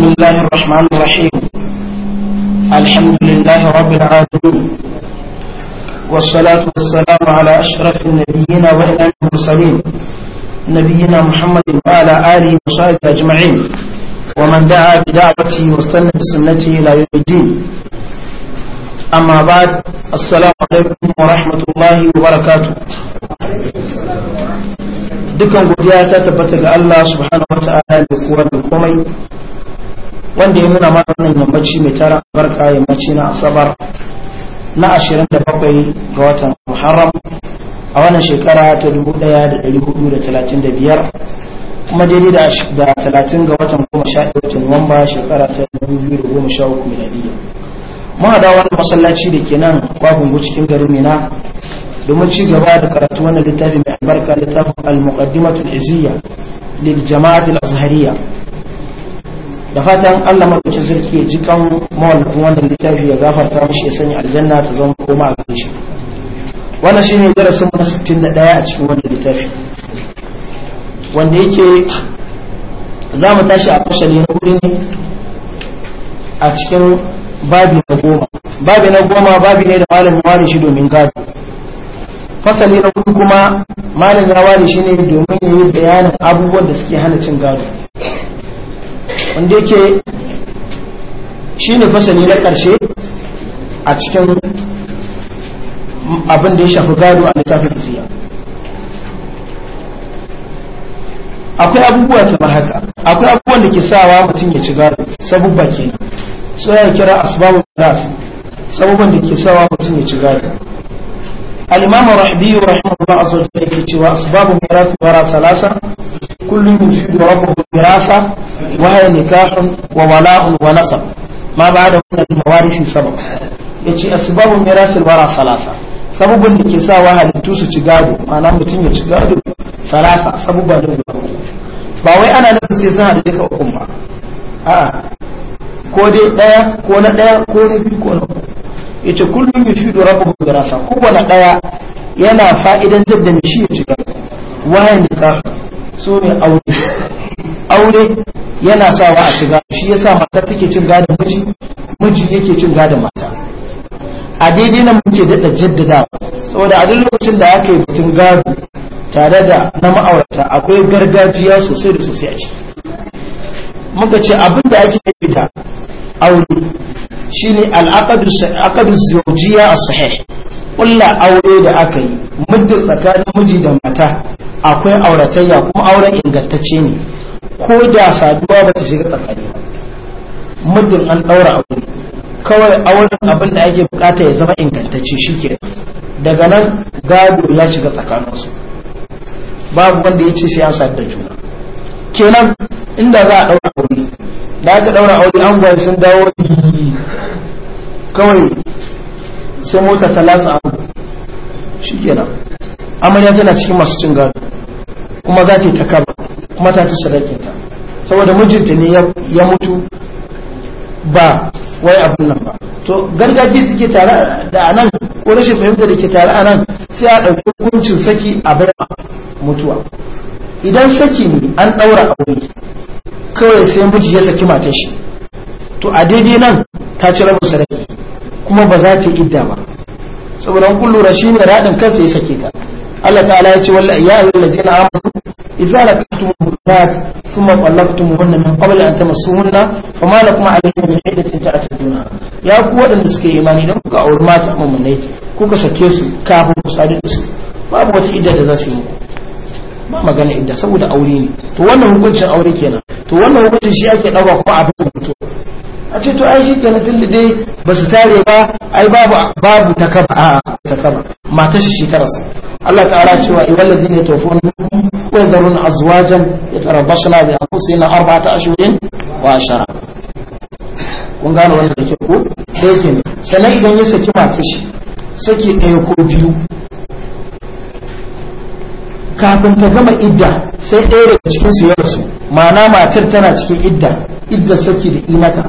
بسم الله الرحمن الرحيم الحمد لله رب العالمين والصلاة والسلام على أشرف النبيين وإمام المرسلين نبينا محمد وعلى آله وصحبه أجمعين ومن دعا بدعوته واستنى بسنته إلى يوم الدين أما بعد السلام عليكم ورحمة الله وبركاته dukan godiya ta tabbata ga Allah subhanahu wata'ala da kowa da komai wanda ya nuna mana wannan yammaci mai tara barka yammaci na asabar na 27 ga watan muharram a wannan shekara ta 1435 kuma daidai da talatin ga watan 11 watan nuwamba shekara ta dubu biyu da 2013 miladiyya mun hada wani masallaci da ke nan kwakungu cikin garin mina domin ci gaba da karatu wannan littafi mai albarka littafin al-muqaddimatul izziya lil jama'atul azhariyya da fatan Allah madaukakin sarki ya ji kan mawallafin wannan littafi ya gafarta mishi ya sanya aljanna ta zama koma a gare shi wannan shine darasin na 61 a cikin wannan littafi wanda yake za mu tashi a fasali na hudu ne a cikin babi na goma babi na goma babi ne da malamin ware shi domin gado fasali na hudu kuma malamin ya ware shi ne domin yi bayanin abubuwan da suke hana cin gado wanda yake shi ne fasali na ƙarshe a cikin abin da ya shafi gado a littafin isiya akwai abubuwa kamar haka akwai abubuwan da ke sawa mutum ya ci gado sabubba ke so ya kira asbabul khilaf sabubban da ke sawa mutum ya ci gado الإمام الرحبي رحمه الله عز وجل يقول أسباب ميراث الورى ثلاثة كل يحب ربه ميراثا وهي نكاح وولاء ونصب ما بعد من الموارث سبب يجي أسباب ميراث الورى ثلاثة sabubin da ke sa wa halittu su ci mutum ya ci gado salasa sabubba da ba wai ana nufin sai sun hada duka uku ba a'a ko dai daya ko na daya ko na biyu yace kullum yufidu rabbuhu dirasa kowanne daya yana fa'idan jaddan shi ya shiga wayan da so ne aure aure yana sawa a shiga shi yasa mata take cin gadon miji miji yake cin gadon mata a daidai nan muke daɗa jaddada saboda a duk lokacin da aka yi batun gado tare da na ma'aurata akwai gargajiya sosai da sosai a ciki muka ce abin da ake yi da aure shine al'aqadu a su sahih kulla aure da aka yi muddin tsakanin miji da mata akwai auratayya kuma auren ingantacce ne ko da saduwa ba ta shiga tsakani muddin an daura aure kawai auren abin da ake bukata ya zama ingantacce shike daga nan gado ya shiga tsakaninsu babu wanda ya ce sai an sadu da juna kenan inda za a ɗaura aure da aka ɗaura aure an gwai sun dawo kawai sai mota ta latsa abu shi kenan amarya tana cikin masu cin gado kuma za ta yi ta kuma ta ci sadakinta saboda mijinta ne ya mutu ba wai abin nan ba to gargajiya suke tare da anan ko rashin fahimta da ke tare anan sai a ɗauki hukuncin saki a bar mutuwa idan saki ne an ɗaura aure kawai sai miji ya saki matar shi to a daidai nan ta ci rabu sadaki kuma ba za ta idda ba saboda kun lura da radin kansa ya sake ta Allah ta'ala ya ce wallahi ya ayyuhal ladina amanu idza laqatum mu'minat thumma talaqtumuhunna min qabli an tamassuhunna fama lakum alayhinna min iddatin ta'taduna ya ku wadanda suke imani dan kuka auri mata mu'minai kuka sake su kafin ku sadu da su babu wata idda da za su yi ba magana idda saboda aure ne to wannan hukuncin aure kenan to wannan hukuncin shi ake dauka ko abin mutu a ce to ai shi kenan na da dai ba su tare ba ai babu babu takaba a takaba matar shi ta rasa Allah ta'ala cewa idan lazina ya tofi wani wa zarun azwajan ya tarabbasu na bi anfusi na harba ta ashirin wa shara kun gano wani da ke ko sai sannan idan ya saki matar shi saki ɗaya ko biyu kafin ta gama idda sai ɗaya daga cikin su ya rasu ma'ana matar tana cikin idda idda saki da imata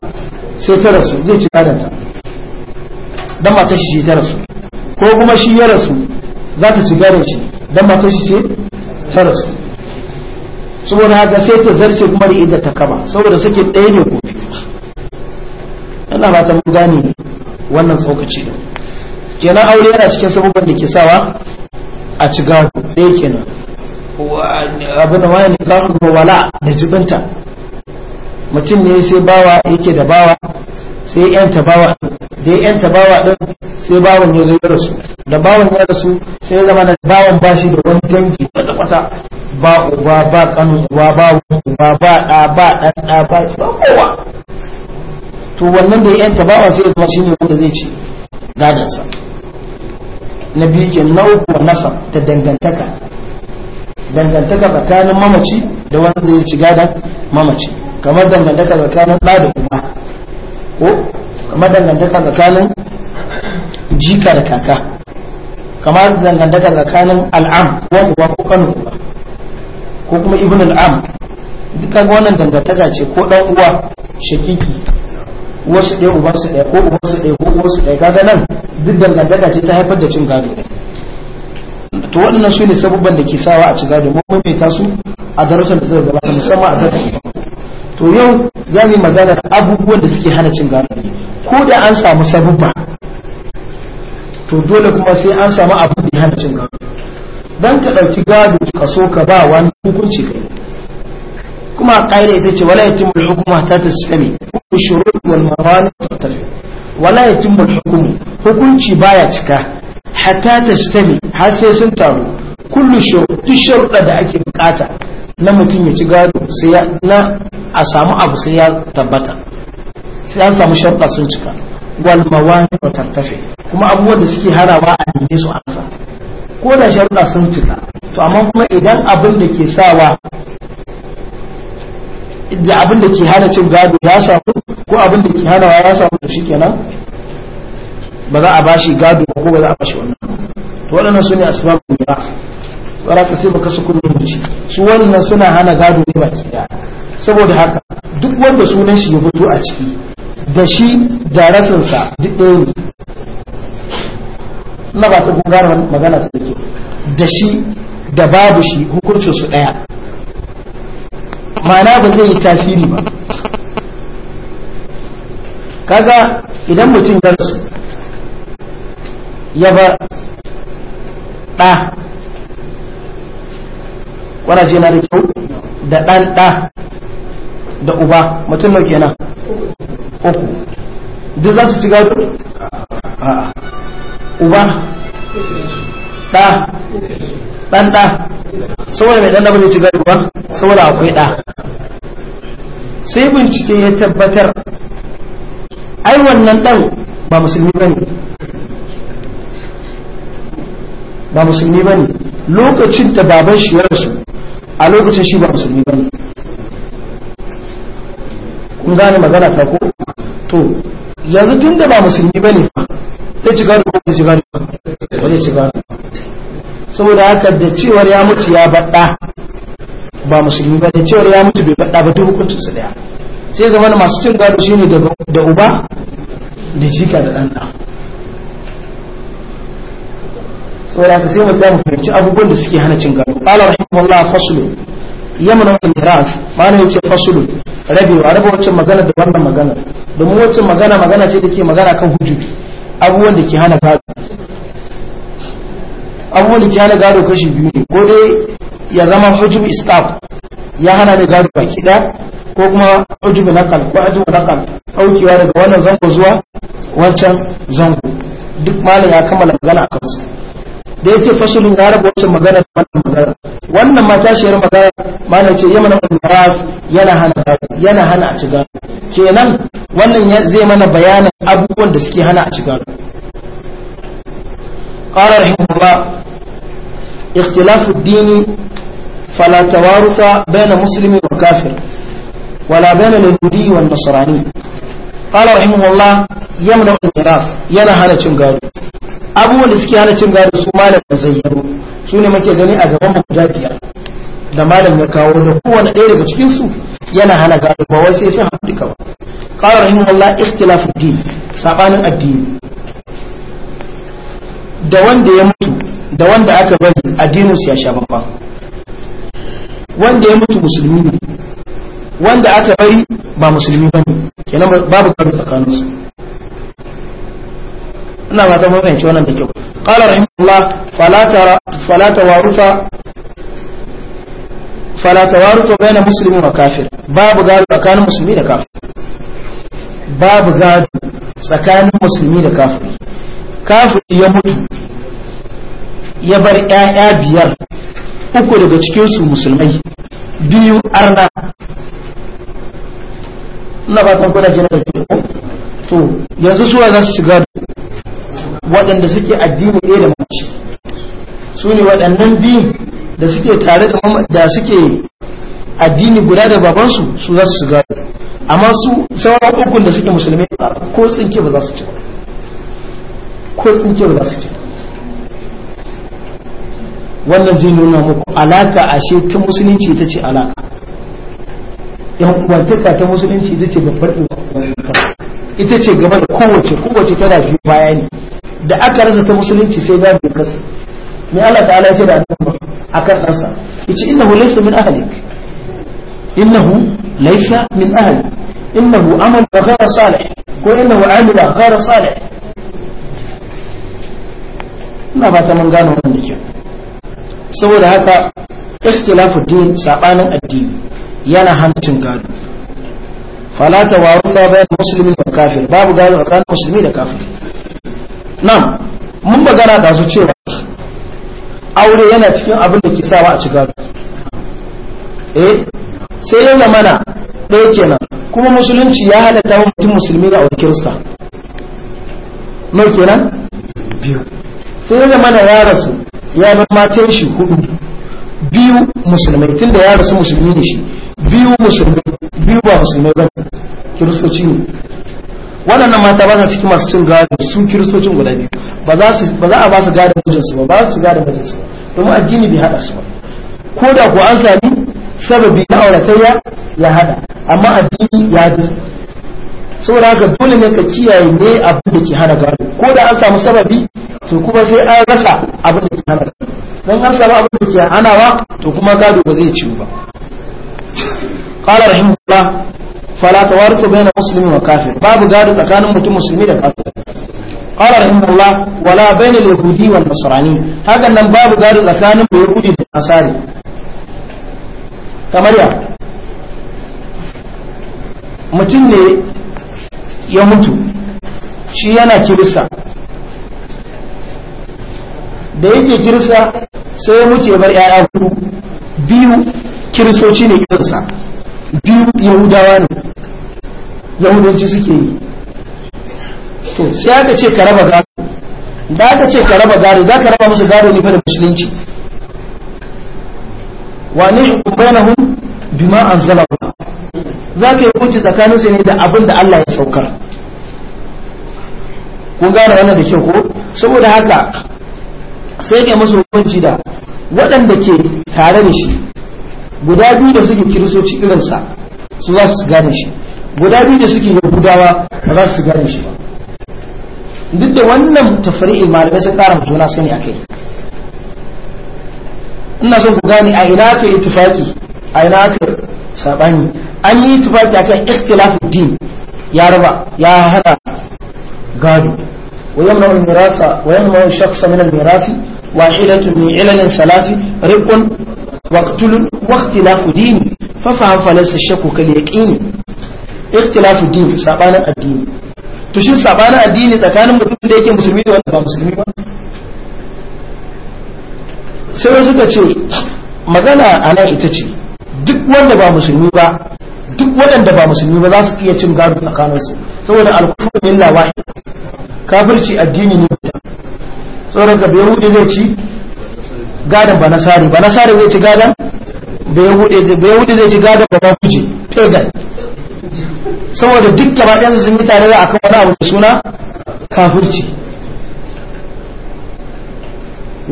sai ta rasu zai ci gadon ta dan shi ta rasu ko kuma shi ya rasu za ta ci gadon shi dan ba shi ce ta rasu saboda haka sai ta zarce kuma da inda ta kama saboda suke ɗaya ne ko Yana ba ta gane wannan tsokaci da kenan aure yana cikin sabubban da ke sawa a ci gado ɗaya kenan abin da wani gado wala da jibinta mutum ne sai bawa yake da bawa sai yan tabawa da yan tabawa din sai bawan ya zo ya rasu da bawan ya rasu sai ya zama da bawon bashi da wani dangi kwata kwata ba uba ba kanu uba ba uba ba da ba dan da ba ba kowa to wannan da yan tabawa sai ya zama shine wanda zai ci gadansa na biyu ke na uku nasa ta dangantaka dangantaka tsakanin mamaci da wanda ya ci gadan mamaci kamar dangantaka tsakanin ɗa da kuma ko madangantaka dangantaka tsakanin jika da kaka kamar dangantaka tsakanin al'am wani uwa ko kano uwa ko kuma ibn al'am duka wannan dangantaka ce ko dan uwa shakiki wasu ɗaya uba su ɗaya ko uba su ɗaya ko uba su ɗaya kaga nan duk dangantaka ce ta haifar da cin gado to waɗannan su ne sabubban da ke sawa a ci gado mun mai su a darussan da suka gabata musamman a darussan to yau za mu yi magana abubuwan da suke hana cin gado ko da an samu sabubba to dole kuma sai an samu abu da hana cin gado dan ka dauki gado ka so ka ba wani hukunci kai kuma ƙa'ida ita ce wala yatimmu hukuma hukma ta tasami kullu shurut wal mawani tattabi wala yatimmu al-hukmu hukunci baya cika hatta tasami har sai sun taru kullu shurut duk sharuɗa da ake bukata na mutum ya ci gado sai na a samu abu sai ya tabbata sai an samu sharɗa sun cika wal mawani wa tattafe kuma abubuwan da suke harawa a neme su ansa ko da sharuɗa sun cika to amma kuma idan abin da ke sawa da abin da ke hana cin gado ya samu ko abin da ke hanawa ya samu da shi nan ba za a bashi gado ko ba za a bashi wannan to waɗannan su ne asbabun mira wara ka sai baka su kudin da shi su wannan suna hana gado ne baki daya saboda haka duk wanda sunan shi ya fito a ciki da shi da rasinsa duk ɗaya ne na ba ta gungara magana ta dake da shi da babu shi hukuncin su ɗaya ma'ana ba zai yi tasiri ba kaga idan mutum ya ya bar ɗa kwaraje na da kyau da ɗan ɗa da uba mutum mai kenan uku duk za su ci gado uba ɗa ɗan ɗa saboda mai ɗan ɗa ba zai ci gado ba saboda akwai ɗa sai bincike ya tabbatar ai wannan ɗan ba musulmi ba ne ba musulmi ba ne lokacin da baban shi ya rasu a lokacin shi ba musulmi ba kun gane magana ta ko to yanzu tun da ba musulmi ba ne zai ci gado ko ci gado ba zai ci gado saboda haka da cewar ya mutu ya baɗa ba musulmi ba da cewar ya mutu bai baɗa ba duk hukuncin su daya sai zama masu cin gado shine da uba da jika da ɗan ɗan saboda haka sai mu tsaya fahimci abubuwan da suke hana cin gado qala rahimahullah faslu yamna al miras mana yake faslu rabi wa raba wacce magana da wannan magana domin wacce magana magana ce take magana kan hujjubi abubuwan da ke hana gado abubuwan da ke hana gado kashi biyu ne ko dai ya zama hujjubi istaf ya hana ni gado baki da ko kuma hujjubi nakal ko hujjubi nakal Aukiwa daga wannan zango zuwa wancan zango duk malam ya kammala magana a kansu da ce fasulun ya rabu wacce magana wannan magana wannan matashiyar magana malam ce yamana al da yana hana yana hana a ciga kenan wannan zai mana bayanin abubuwan da suke hana a ciga qala rahimahullah اختلاف الدين فلا توارث بين kafir wala ولا بين اليهودي والنصراني qala rahimahullah yamna al-miras yana hana cin gado abubuwan da suke hana cin gado su malam da yaro su ne muke gani a gaban mu guda biyar da malam ya kawo da kowane ɗaya daga cikin su yana hana gado ba wai sai sun haɗu duka ba qala rahimahullah ikhtilafu din sabanin addini da wanda ya mutu da wanda aka bari addinin su ya wanda ya mutu musulmi ne wanda aka bari ba musulmi ba ne kenan babu tsakanin tsakaninsu ina ba ta fahimci wannan da kyau قال fala الله فلا ترى فلا توارث فلا توارث wa kafir babu gado tsakanin musulmi da kafir. Babu gado tsakanin musulmi da kafir. Kafir ya mutu ya bar 'ya'ya biyar uku daga cikinsu musulmai biyu arna ina fatan kuna jin da ke to yanzu suwa za su shiga waɗanda suke addini ɗaya da mace su ne waɗannan biyun da suke tare da suke addini guda da babansu su za su shiga amma su sauran ukun da suke musulmi ko tsinke ba za su ci ko tsinke ba za su ci wannan zai nuna muku alaka ashe ta musulunci ita ce alaka yan uwantaka ta musulunci ita ce babbar uwantaka ita ce gaba da kowace kowace tana biyu baya ne da aka rasa ta musulunci sai za mu kasa me Allah ta'ala ya ce da annabi akan ɗansa yace innahu laysa min ahlik innahu laysa min ahlik innahu amal ghayra salih ko innahu amila ghayra salih ina ba ta mun gano wannan dake saboda haka ikhtilafu din sabanin addini yana hancin gado fala ta warufa bayan musulmi da kafir babu gado a kan musulmi da kafir nan mun magana da su cewa aure yana cikin abin da ke sawa a ci gado eh sai ya mana ɗaya kenan kuma musulunci ya halatta wa mutum musulmi da aure kirista mai kenan biyu sai ya mana ya rasu ya bar matan shi hudu biyu musulmai da ya rasu musulmi ne shi biyu musulmi biyu ba musulmi ba kiristoci ne waɗannan mata ba su cikin masu cin gado su kiristocin guda biyu ba za a ba su gado su ba ba su gado mijinsu ba domin addini bai haɗa su ba ko da ko an sami sababi na auratayya ya haɗa amma addini ya haɗa saboda haka dole ne ka kiyaye ne abin da ke hana gado ko da an samu sababi to kuma sai an rasa abin da ke hana gado don an samu abin da ke hanawa to kuma gado ba zai ciwu ba قال rahimahullah الله فلا baina بين wa وكافر babu جاد tsakanin mutum musulmi da قال qala الله wala بين al-yahudi هذا من hakan nan babu gado tsakanin كما da asari. kamar mutum ne ya mutu shi yana kirista da yake kirista sai ya mutu ya bar 'ya'ya hudu biyu kiristoci ne kirista biyu yahudawa ne yahudanci suke yi to sai aka ce ka raba gado da aka ce ka raba gado za ka raba musu gado ne fa da musulunci wa ne hukumanahum bima ba. za ka yi kunci tsakanin su ne da abin da Allah ya saukar kun gane wannan da kyau ko saboda haka sai ka musu hukunci da waɗanda ke tare da shi guda biyu da suke kirisoci irinsa su za su gane shi guda biyu da suke yahudawa ba za su gane shi ba duk da wannan tafari'i malamai sun kara juna sani a kai ina son ku gane a ina ka itifaki a ina ka sabani an yi itifaki akan ikhtilafu din ya raba ya hada gado Wayan yamna al mirasa wa yamna shakhsa min al mirasi wahidatu min ilalin salasi riqun واقتل واختلاف دين ففهم فليس الشك كاليقين اختلاف الدين سابانا الدين تشين سابانا الدين إذا كان mutum da yake musulmi da wanda ba musulmi ba sai wasu ka ce magana a nan ita ce duk wanda ba musulmi ba duk waɗanda ba musulmi ba za su iya cin gado tsakaninsu saboda alkufur min lawahi kafirci addini ne da tsoron ka bai hudu zai ci gadon ba nasari ba nasari zai ci gadon ba ya hude zai ci gadon ba mafuje pagan saboda duk gaba ɗansu sun yi tare aka kan wani abu da suna kafirci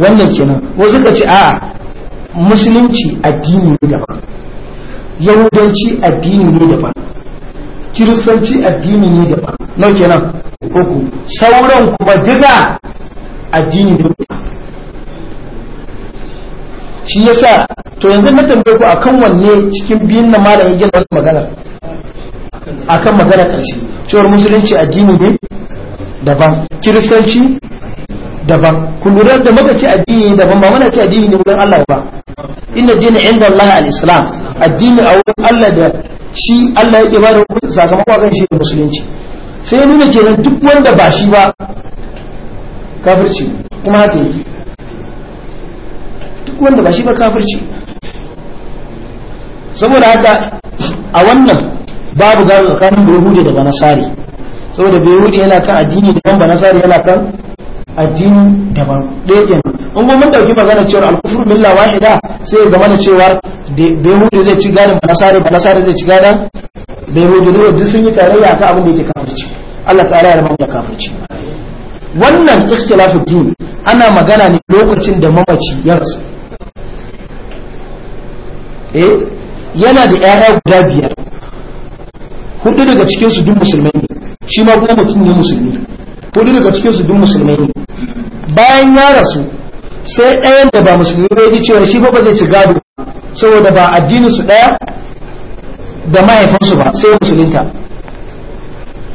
wannan kenan wasu ka ce a'a musulunci addini ne daban yahudanci addini ne daban kiristanci addini ne daban nau kenan ko ku? sauran kuma duka addini ne shi yasa to yanzu na tambaye ku akan wanne cikin biyun na malam ya gina wannan magana akan magana karshe cewar musulunci addini ne daban kiristanci daban ku lura da muka ce addini ne daban ba muna ce addini ne wurin Allah ba inna dini inda Allah al-islam addini a wurin Allah da shi Allah ya ba da sakamakon kan shi musulunci sai nuna kenan duk wanda ba shi ba kafirci kuma haka yake wanda ba shi ba kafirci saboda haka a wannan babu gado tsakanin yahudi da banasari saboda yahudi yana kan addini daban banasari yana kan addini daban ɗaya ɗin in kuma mun ɗauki magana cewar alkufur milla wahida sai zama da cewar yahudi zai ci gadon banasari banasari zai ci gadon yahudi ne duk sun yi tarayya ta abin da yake kafirci Allah ta ala ya rabu da kafirci wannan ikhtilafu din ana magana ne lokacin da mamaci ya rasu Eh, yana da 'ya'ya guda biyar hudu daga cikin su duk musulmai ne shi ma kuma mutum ne musulmi hudu daga cikin su duk musulmai ne bayan ya rasu sai ɗayan da ba musulmi ba yake cewa shi ba ba zai ci gado saboda ba addinin su ɗaya da mahaifinsu ba sai musulunta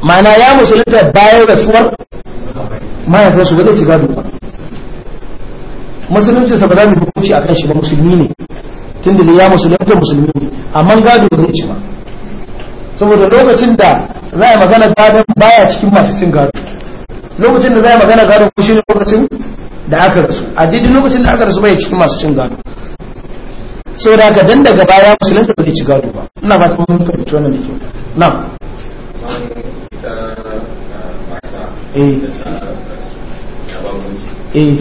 ma'ana ya musulunta bayan rasuwar mahaifinsu ba zai ci gado ba musulunci sa ba za mu hukunci a kan shi ba musulmi ne tunda da ya musulunta musulmi ne amma gado zai ci ba saboda lokacin da za a magana gadon baya cikin masu cin gado lokacin da za a magana gadon ko shine lokacin da aka rasu a didi lokacin da aka rasu baya cikin masu cin gado saboda haka dan daga baya musulunta ba zai ci gado ba ina ba kuma mun karbi wannan da na eh eh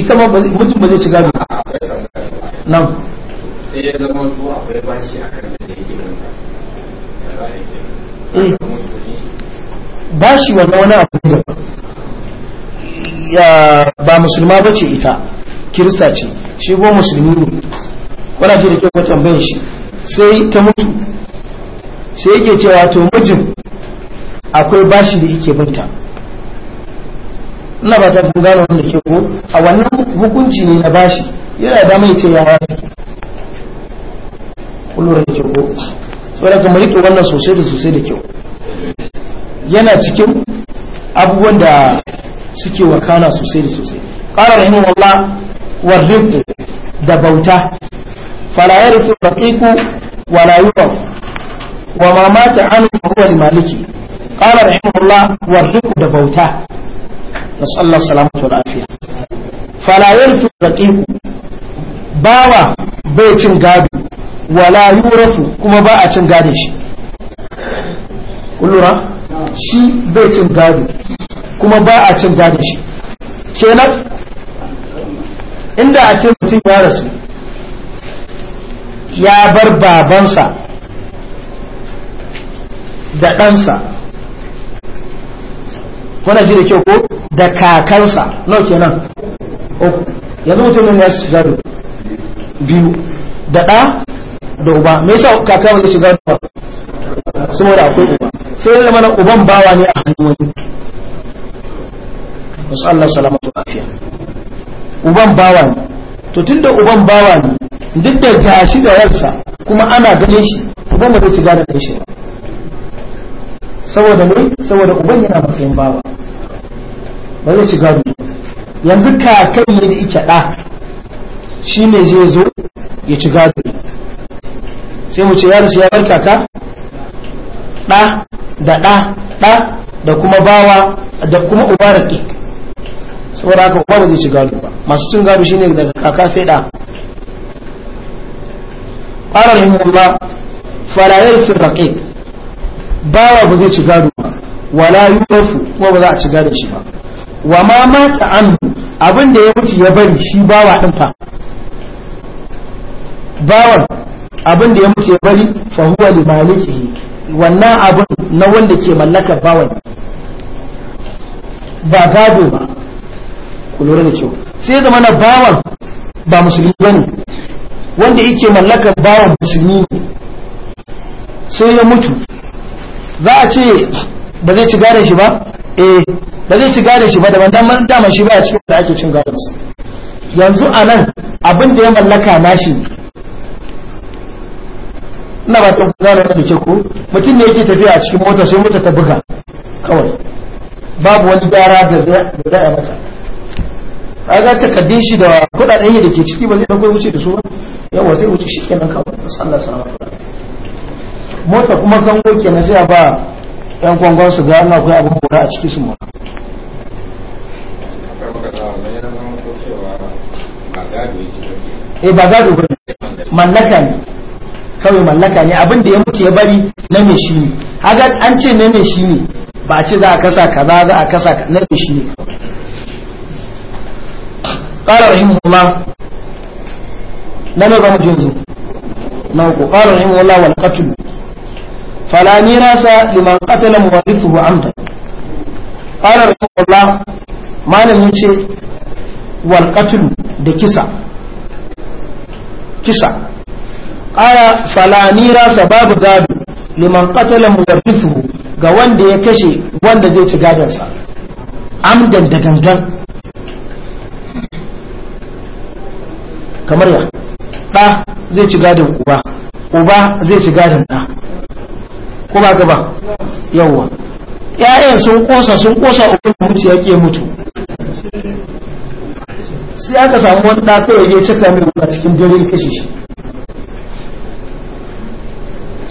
ita ma mutum ba zai ci gado nan sai ya zama bashi a kan da eh. wani abu da ba musulma ba ce ita kirista ce shi ko musulmi ne wadda ke da kyau kwatan bayan shi sai ta mutu sai yake cewa to mijin akwai bashi da yake binta ina ba ta gano wanda ke ko a wannan hukunci ne na bashi yana da mai ce ya wani kullum da kyau ko da kamar rike wannan sosai da sosai da kyau yana cikin abubuwan da suke wakana sosai da sosai ƙarar rahimu wallah warriku da bauta falayar rikin raƙiƙu wa rayuwa wa mamata anu huwa limaliki ƙarar rahimu wallah warriku da bauta نسأل الله السلامة والعافية فلا يرث الرقيق باوا بيتين gado ولا يورث kuma ba a cin gadon shi kullura shi bai cin gado kuma ba a cin gadon shi kenan inda a ce mutum ya rasu ya bar babansa da ɗansa kuna ji da kyau ko da kakansa nau nan? uku yanzu mutumin ya shiga da biyu da ɗa da uba me yasa kaka ba shiga da uba saboda akwai uba sai da mana uban bawa ne a hannun wani wasu Allah salamatu lafiya uban bawa ne to tunda uban bawa ne duk da gashi da yarsa kuma ana ganin shi uban ba zai shiga da ɗan shi ba saboda ne saboda uban yana matsayin baba ba zai ci gado yanzu kai ne da ike ɗa shi ne zai zo ya ci gado sai mu ce ya rasu ya bar kaka ɗa da ɗa ɗa da kuma bawa da kuma uba raƙi saboda haka uba ba zai ci gado ba masu cin gado shi ne daga kaka sai ɗa ƙarar himmullah fara fi raƙi bawa ba zai ci gado ba wala yufu ko ba za a ci gado shi ba wa ma mata an abin da ya mutu ya bari shi bawa din fa bawan abin da ya mutu ya bari fa huwa li malikihi wannan abin na wanda ke mallakar bawan ba gado ba ku lura da kyau sai zama na bawar ba musulmi bane wanda yake mallakar bawan musulmi ne sai ya mutu za a ce ba zai ci gadon shi ba eh ba zai ci gadon shi ba da man dama shi ba a cikin da ake cin gadon su yanzu a nan abin da ya mallaka nashi ina ba ta gano da ke ko mutum ne yake tafiya a cikin mota sai mota ta buga kawai babu wani gyara da da ya mata a ga takaddin shi da kudaden da ke ciki ba zai dauko wuce da su ba yawa zai wuce shi kenan kawai sallallahu alaihi wasallam mota kuma zango kenan sai a ba yan kwangon su ga ana akwai abin kura a ciki su mora eh ba gado ba mallaka ne kawai mallaka ne abin da ya mutu ya bari na me shi ne haka an ce na me shi ne ba a ce za a kasa kaza za a kasa na me shi ne qala rahimahullah na ne ba mu jinzu na ku qala wala wal qatl فلا ميراث لمن قتل مورثه عمدا قال رحمه الله ما لم يشي والقتل دكسا كسا قال فلا ميراث باب gado liman قتل mudaffisuhu ga wanda ya kashe wanda zai ci gadansa amdan da gangan kamar ya ɗa zai ci gadin uba uba zai ci gadin ɗa ko ba ka ba yawwa yayan sun kosa sun kosa uku mutu yake mutu sai aka samu wani ɗa kawai ya cika mai wuta cikin dare kashe shi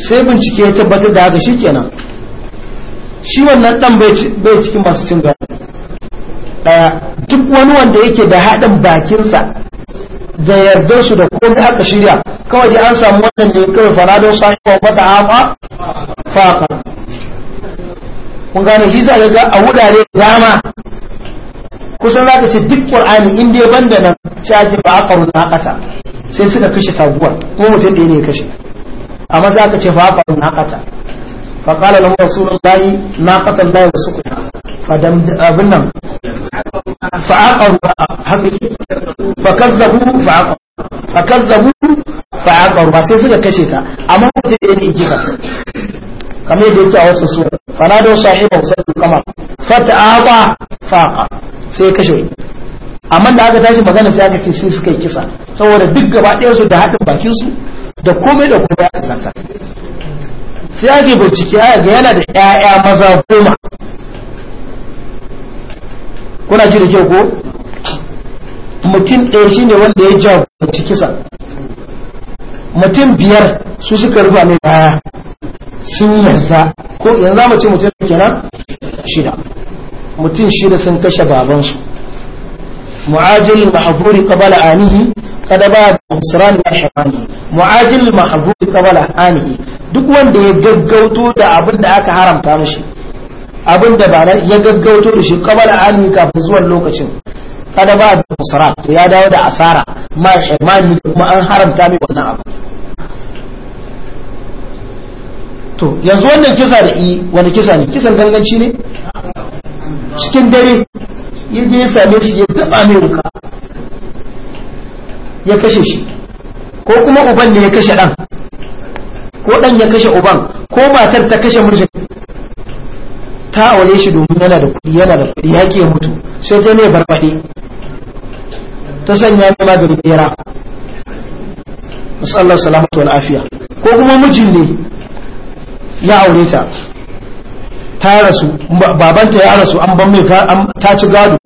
sai bincike ya tabbatar da haka shikenan shi wannan ɗan bai cikin masu cin gaba ɗaya duk wani wanda yake da haɗin bakinsa da yardar su da komai aka shirya kawai dai an samu wannan ne kawai faradon sahiwa wata afa faqa kun gane shi sa ga a wurare dama kusan zaka ce duk qur'ani in dai banda nan shaji ba na naqata sai suka kashe taguwa ko mutum da ne kashe amma zaka ce fa aqaru naqata fa qala lahu na naqatan la yasukuna fa dam abin nan fa aqaru haqiqi fa kazzabu fa aqaru fa kazzabu fa sai suka kashe ta amma mutum da ne kika kamar yadda yake a wasu su fanado wasu su kama fata'aba faqa sai kashe amma da aka tashi magana sai aka ce sai suka yi kisa saboda duk gaba ɗaya su da haɗin bakin su da komai da komai a zanta sai ake bincike ga yana da ƴaƴa maza goma kuna ji da kyau ko mutum ɗaya shine wanda ya jagoranci kisa mutum biyar su suka rufa mai baya sun yarda ko yanzu za mu ce mutum kenan shida mutum shida sun kashe babansu mu'ajil mahfuri qabala anihi kada ba da husran wa ihmani mu'ajil mahfuri qabala anihi duk wanda ya gaggauto da abin da aka haramta mishi abin da ba ya gaggauto da shi qabala anihi kafin zuwan lokacin kada ba da husran to ya dawo da asara ma ihmani kuma an haramta mai wannan abu to yanzu wannan kisa da i wani kisa ne kisan ganganci ne cikin dare ya ya same shi ya taba mai wuka ya kashe shi ko kuma uban ne ya kashe dan ko dan ya kashe uban ko matar ta kashe mijin ta aure shi domin yana da kuɗi yana da kuɗi yaƙi ya mutu sai ta ne barbaɗe ta sanya ne maganin masu musallar salamatu wal afiya ko kuma mijin ne ya aure ta ta rasu babanta ya rasu an ban mai ta ci gado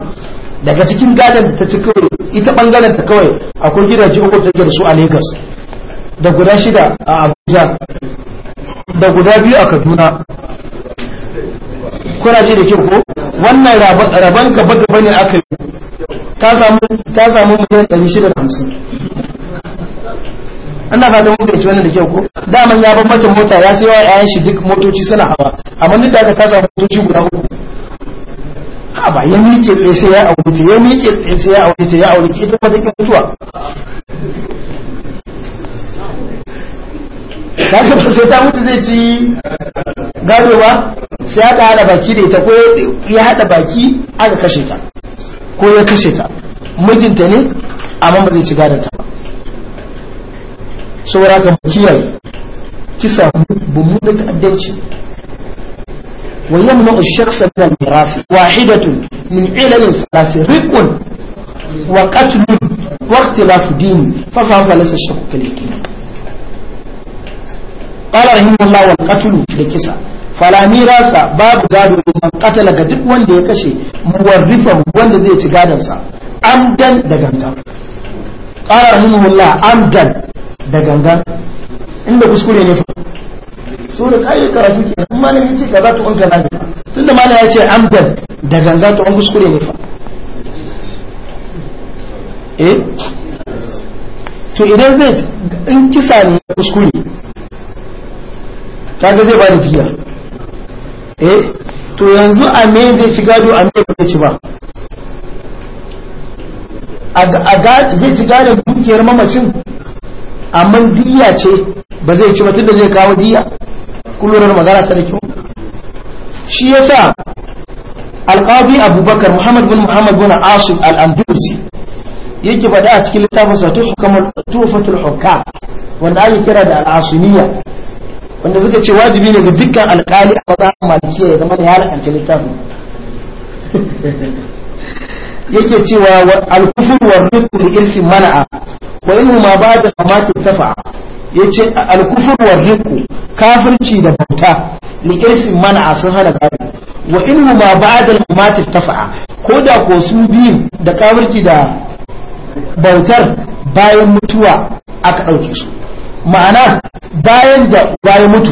daga cikin gadon da ta ci kawai ita bangaren ta kawai akwai gidaje uku ta da su a Lagos da guda shida a Abuja da guda biyu a Kaduna Kuna ji da kyau ko wannan raban gaba gaba ne aka samu ta samu miliyan 650 ana fatan mun fahimci wannan da kyau ko man ya bambanta mota ya sai wa yayan shi duk motoci suna hawa amma duk da aka kasa motoci guda uku ha ba ya miƙe tsaye sai ya aure ta ya miƙe tsaye sai ya aure ta ya aure ita ba take mutuwa ka ga ba sai ta mutu zai ci gado ba sai ya hada baki da ita ko ya hada baki aka kashe ta ko ya kashe ta mijinta ne amma ba zai ci gadon ta ba saura ka kiyaye kisa mummunan ta'addanci wa yamna ash-shakhs min al-miraf wahidatun min ilal thalath riqun wa qatl wa ikhtilaf din fa fa fa laysa shakku kal qala rahimahullah wal qatl da kisa fala mirasa babu gado man qatala ga duk wanda ya kashe muwarrifa wanda zai ci gadon sa amdan da gangan qala rahimahullah amdan da gangan inda kuskure ne so da kai karatu ke in malami ce ga za ta kaza ne tunda malami ya ce amdan da gangan to an kuskure ne fa eh to idan zai in kisa ne kuskure kaga zai bada biya. eh to yanzu a me zai ci gado a me zai ci ba zai ci gane dukiyar mamacin amma diya ce ba zai ci mutum da zai kawo diya kullurar magana ta da kyau shi yasa alqabi abubakar muhammad bin muhammad bin asif al yake faɗa a cikin littafinsa tufatul hukka wanda ake kira da al'asuniya wanda suka ce wajibi ne ga dukkan alƙali a matsayin malikiya ya zama da ya halakance littafin yake cewa al-kufr wa rifqul irsi mana'a wa inna ma ba'da samati tafa yace al-kufr wa rifqu kafirci da bauta li irsi mana'a sun hana gari wa inna ma ba'da samati tafa ko da ko su biyu da kafirci da bautar bayan mutuwa aka dauke su ma'ana bayan da bayan mutu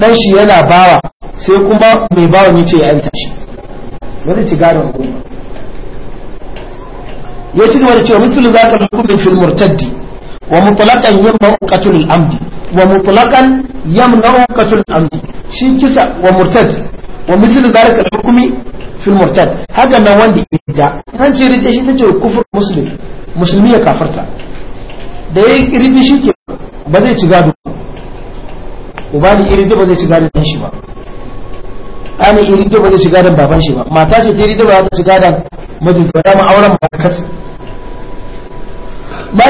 dan shi yana bawa sai kuma mai bawan ce ya aita shi Wani ci gadon goma ya ci gaba da cewa za ka hukumi fil murtaddi wa mutlaqan yamna'u al-amd wa mutlaqan yamna'u al-amd shi kisa wa murtad wa za ka hukumi fil murtad haka nan wanda idda an ce ridda shi tace kufur muslim musulmi ya kafarta da yayi ridda shi ke ba zai ci gado ubani ridda ba zai ci gado shi ba ana iri rido ba zai shiga dan baban shi ba mata ce iri rido ba zai shiga dan mijin ba dama auren ba ka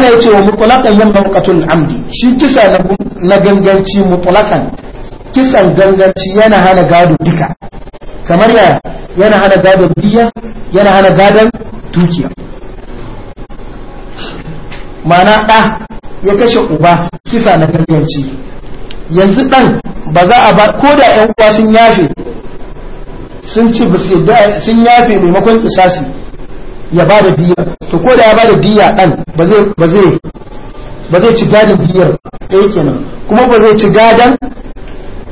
na yace wa mutlaqan yan mawqatul amdi shi kisa na ganganci mutlaqan kisan ganganci yana hana gado duka kamar ya yana hana gado biya yana hana gadon dukiya mana ɗa ya kashe uba kisa na ganganci yanzu ɗan ba za a ba ko da ‘yan uwa sun yafe sun ce ba su sun yafe maimakon kisasi ya ba da diya to ko da ya ba da diya dan ba zai ba zai ba zai ci gadan diyar ɗaya kenan kuma ba zai ci gadan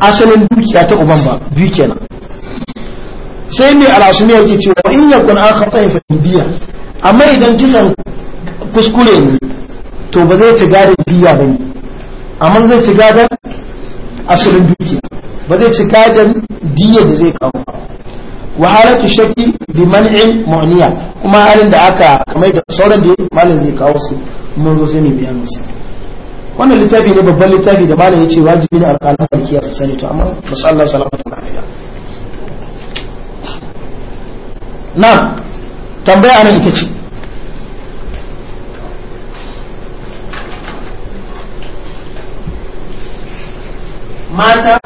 asalin dukiya ta uban ba biyu kenan sai mai al'asumi yake cewa in yakun an khata fa diya amma idan kisan kuskure ne to ba zai ci gadan diya ba ne amma zai ci gadan asalin dukiya ba zai ci gadan diya da zai kawo wa halatu shaki bi man'in mu'niya kuma halin da aka kamar da sauran da malam zai kawo su mun zo sai ne biya musu wannan littafi ne babban littafi da malam yace wajibi ne alƙalan farkiya su sani to amma masu Allah salamatu alaihi na tambaya nan ita ce mata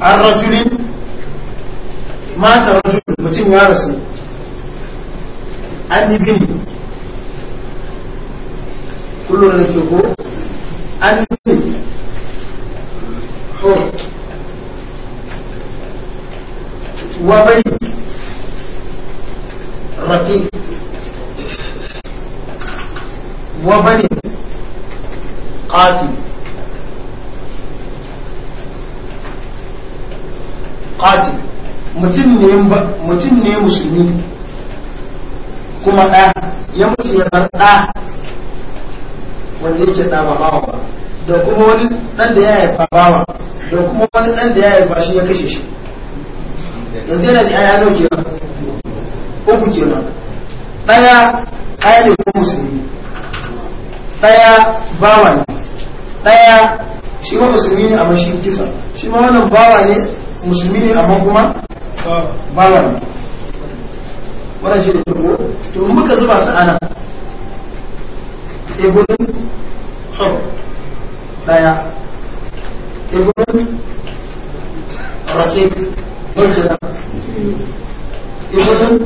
an rajulin mata rajul mutum ya rasu an yi bini kullum da ke ko an yi bini وبي رقيق وبني قاتل قاتل mutum ne musulmi kuma ɗa ya mutu ya bar ɗa wanda yake ɗa ba bawa ba da kuma wani ɗan da ya haifa bawa da kuma wani ɗan da ya haifa shi ya kashe shi yanzu yana da aya nauke ba uku kenan ɗaya ɗaya ne ko musulmi ɗaya bawa ne ɗaya shi ma musulmi ne amma shi kisa shi ma wannan bawa ne musulmi ne amma kuma malam wannan shi da ko to muka zuba su ana ibn hur daya ibn rakib hujra ibn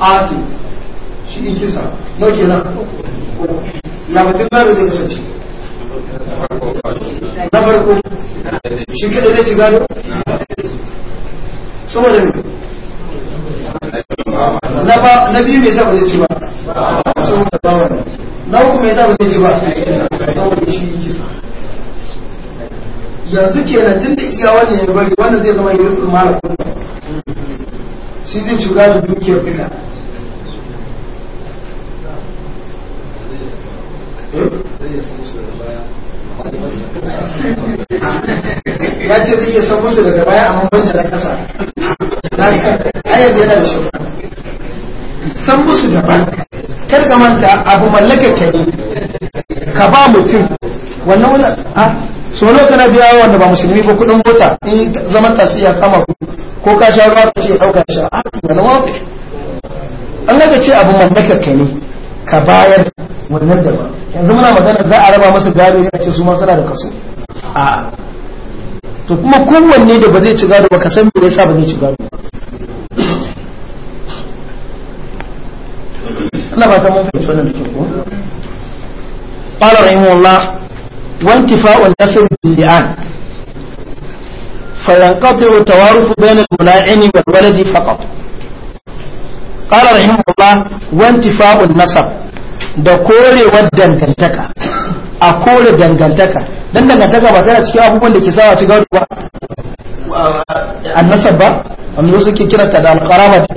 qatil shi in kisa na mutum ba zai kasance na farko shi kada zai ci gado saboda na ba na biyu mai sa zai ci ba saboda ba wani na uku mai sa zai ci ba saboda shi kisa yanzu kenan tun da iya wani ya bari wannan zai zama mara kuma shi zai shiga da dukiyar duka ya ce zai iya san musu daga baya amma banda na kasa ayar yana da shubha san musu daban kar ka manta abu mallaka ka yi ka ba mutum wannan wani a so nawa kana biya wanda ba musulmi ba kudin mota in zaman tasi ya kama ku ko ka sha ruwa ka ce dauka sha a wani an ga ce abu mallaka ka ne ka bayar wannan da ba yanzu muna magana za a raba masa gado ne a ce su ma suna da kaso a to kuma kowanne da ba zai ci gado ba ka san me yasa ba zai ci gado ba Allah ba ta mun fahimci wannan cikin ko qala rahimahullah wa intifa'u an-nasr bil-li'an فينقطع التوارث بين الملاعن والولد فقط قال رحمه الله وانتفاء النسب da korewar dangantaka a kore dangantaka dan dangantaka ba tana cikin abubuwan da ke sawa ci gado ba annasab ba wanda wasu ke kira ta da alqaraba ta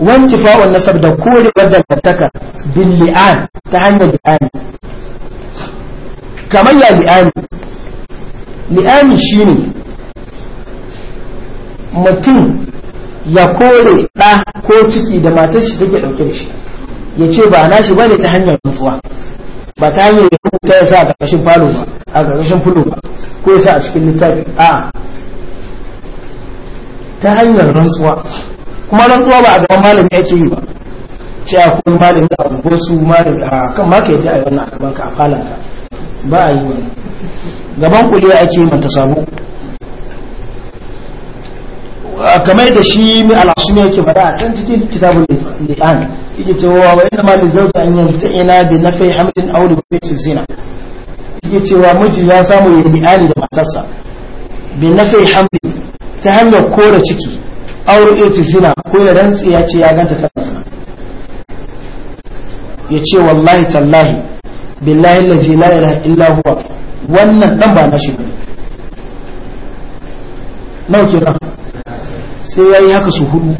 wanki fa'on nasab da kore wadda mataka bin li'an ta hanyar li'ani kamar ya li'ani li'ani shi ne mutum ya kore ɗa ko ciki da matar shi take ɗauke da shi ya ce ba na shi ba ne ta hanyar nutsuwa ba ta hanyar ya ta ya sa a ƙarƙashin falo ba a ƙarƙashin fulo ko ya sa a cikin littafi a ta hanyar rantsuwa kuma rantsuwa ba a gaban malami ake yi ba ce a kuma malami a ko su malami a kan maka yaji a yi wannan a ka a falon ka ba a yi wani gaban kuliya ake yi manta sabo kamar da shi mai ya yake bada a kan cikin kitabun li'an yake cewa wa inda malin zauta an yanzu ta ina da na kai hamdin aure ba fi zina yake cewa miji ya samu ya da matarsa bi na kai hamdin ta hanyar kore ciki ya ce zina ko ya rantsi ya ce ya ganta ta zina ya ce wallahi tallahi billahi lazi la ilaha illa huwa wannan dan ba nashi bane nawa ka? sai yayi haka su hudu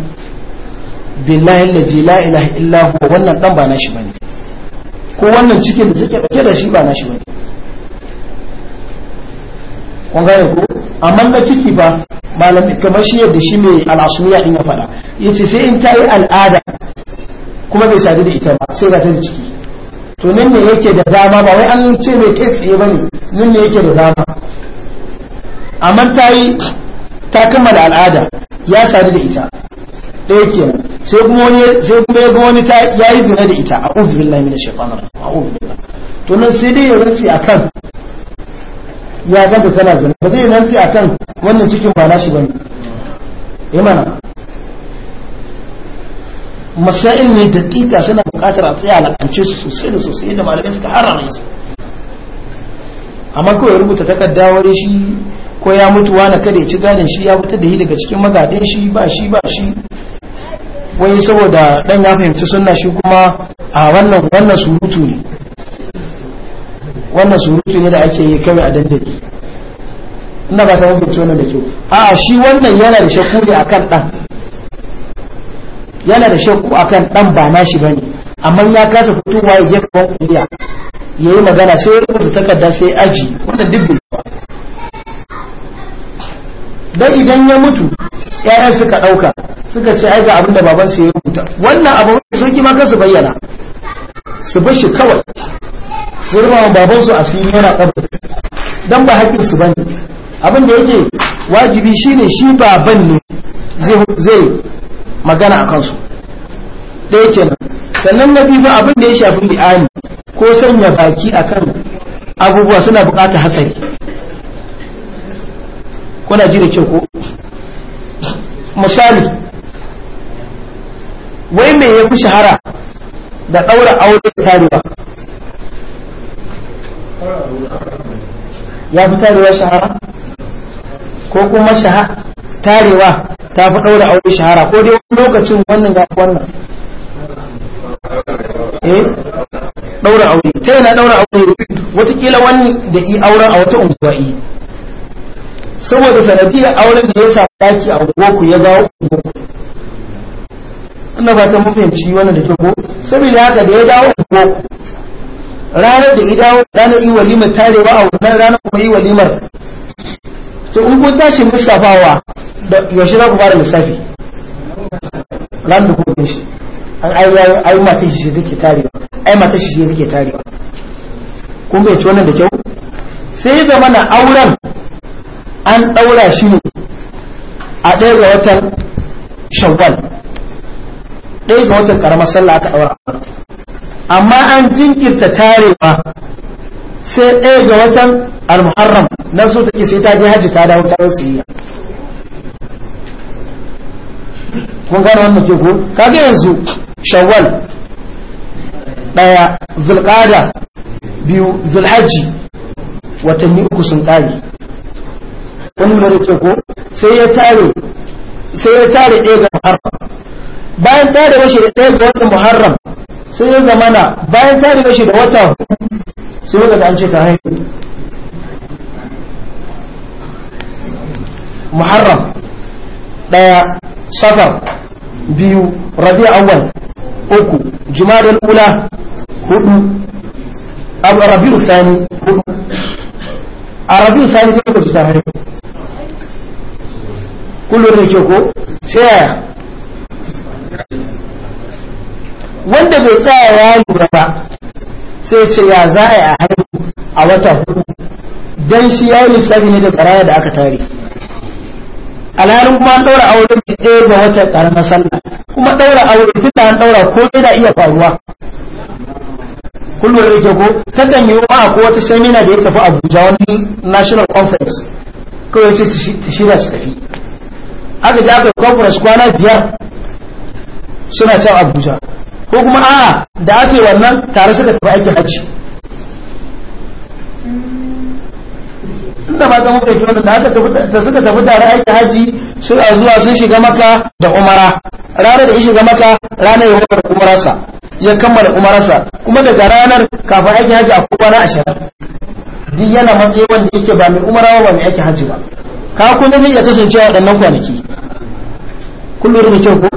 billahi lazi la ilaha illa huwa wannan dan ba nashi bane ko wannan cikin da take dauke da shi ba nashi bane kun gane ko amma na ciki ba malamai kamar shi yadda shi mai al'asuniya din ya faɗa yace sai in ta yi al'ada kuma bai sadu da ita ba sai ga ta ciki to nan ne yake da dama ba wai an ce mai kai tsaye bane nan ne yake da dama amma ta yi ta kammala al'ada ya sadu da ita ɗaya kenan sai kuma wani sai kuma yaga wani ta yayi zina da ita a'udhu billahi minash shaitanir rajim a'udhu billah to nan sai dai ya rufe akan ya ganta tana zina ba zai a kan wannan cikin ba nashi bane eh mana masail ne daƙiƙa suna buƙatar a tsaya alƙance su sosai da sosai da malamai suka harare su amma kawai rubuta takarda wani shi ko ya mutu wani kada ya ci gadin shi ya fita da yi daga cikin magadin shi ba shi ba shi wai saboda dan ya fahimci sunna shi kuma a wannan wannan surutu ne wannan surutu ne da ake yi kawai a dandali ina ba ta mafi tona da kyau a shi wannan yana da shakku ne akan ɗan. yana da shakku akan dan ba nashi bane amma ya kasa fitowa ya je kan kuriya yayi magana sai ya rubuta takarda sai aji wannan duk dan idan ya mutu ƴaƴan suka ɗauka suka ce ai ga abin da baban ya rubuta wannan abu sun ki ma kansu bayyana su bar shi kawai su rufa babansu asiri yana kabari dan ba hakkin su bane abin da yake wajibi shine shi baban ne zai magana a kansu ɗaya kenan sannan na biyu abin da ya shafi li'ani ko sanya baki akan abubuwa suna bukata hasari kuna ji da kyau ko misali wai me ya fi shahara da ɗaura aure da tarewa ya fi tarewa shahara ko kuma tarewa ta fi ɗaura aure shahara ko dai wani lokacin wannan ga wannan eh ɗaura aure ta yana ɗaura aure watakila wani da ke auren a wata unguwa yi saboda sanadiyar auren da ya sa daki a unguwarku ya zawo unguwarku ina ba ta yanci wannan da ke ko saboda haka da ya dawo unguwarku ranar da idawo ranar yi tare tarewa a wannan ranar kuma yi walimar to in kun tashi lissafawa da yaushe za ku fara lissafi ran da kuma shi ai ai mata shi take tare ai mata shi take tare kun bai ci wannan da kyau sai zama mana auren an daura shi ne a ɗaya ga watan shawwal ɗaya ga watan karamar sallah aka daura amma an jinkirta tarewa sai ɗaya ga watan al-muharram na so take sai ta je hajji ta dawo ta yau yi. kun gano wannan ke ko kaga yanzu shawwal ɗaya zulqada biyu zulhajji watanni uku sun ƙare Kun mara ke ko sai ya tare sai ya tare ɗaya ga muharram bayan tare mashi da ɗaya ga watan muharram sai ya zamana bayan ta riga shi da wata sai daga an ce ta haihu muharram daya safar biyu rabi awal uku jumadal ula hudu rabi'u sani hudu a rabi'u sani sai ka ta haihu kullum da ke ko sai wanda bai tsaya ya lura ba sai ce ya za a yi a haihu a wata hudu don shi ya yi lissafi ne da karaya da aka tare alhalin kuma an ɗaura aure mai ɗaya ga wata ƙaramar sallah kuma ɗaura aure duk da an ɗaura ko dai da iya faruwa kullum da ke ko kada mai wa ko wata semina da ya tafi abuja wani national conference kawai ce ta shirya su tafi aka ji aka yi conference kwana biyar suna can abuja ko kuma a da ake wannan tare suka tafi aikin hajji inda ba ta mafi wanda da suka tafi tare aikin hajji suna zuwa sun shiga maka da umara ranar da ya shiga maka ranar ya da umararsa ya kammala umararsa kuma daga ranar kafin aikin hajji a kowa na ashirin duk yana matsayi wanda yake ba mai umara ba mai aikin hajji ba ka kuma zai iya kasancewa waɗannan kwanaki kullum da kyau ko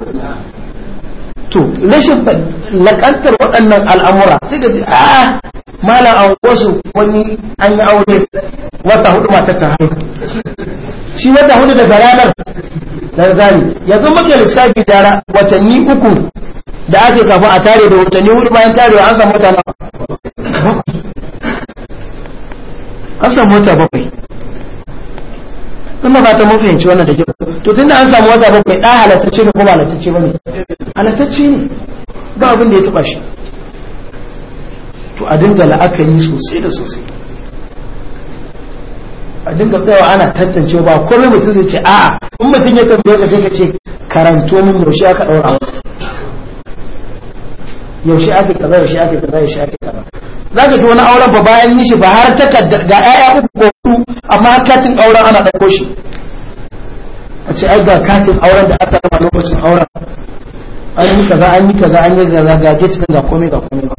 to rashin lakantar waɗannan al'amura sai da a ah, malam an wasu wani an yi aure wata hudu mata ta haihu shi wata hudu daga ranar da zani yanzu muke lissafi tara watanni uku da ake kafin a tare da watanni hudu bayan tare an samu wata an samu wata bakwai ba fata mun fahimci wannan da kyau to da an samu wata bakwai da halatacce ne ko ba halattacce ba ne halattacce ne ba abin da ya taba shi to a dinga la'akari sosai da sosai a dinga tsayawa ana tantance ba kullum mutum zai ce a'a in mutum ya tambaye ka sai ka ce karanto min yaushe aka ɗaura yaushe ake kaza yaushe ake kaza yaushe ake kaza za ka ji wani auren ba bayan yi shi ba har takarda ga ƴaƴa uku ko huɗu amma har katin auren ana ɗauko shi a ce ai ga katin auren da aka raba lokacin auren an yi kaza an yi kaza an yi kaza ga date ga komai ga komai ba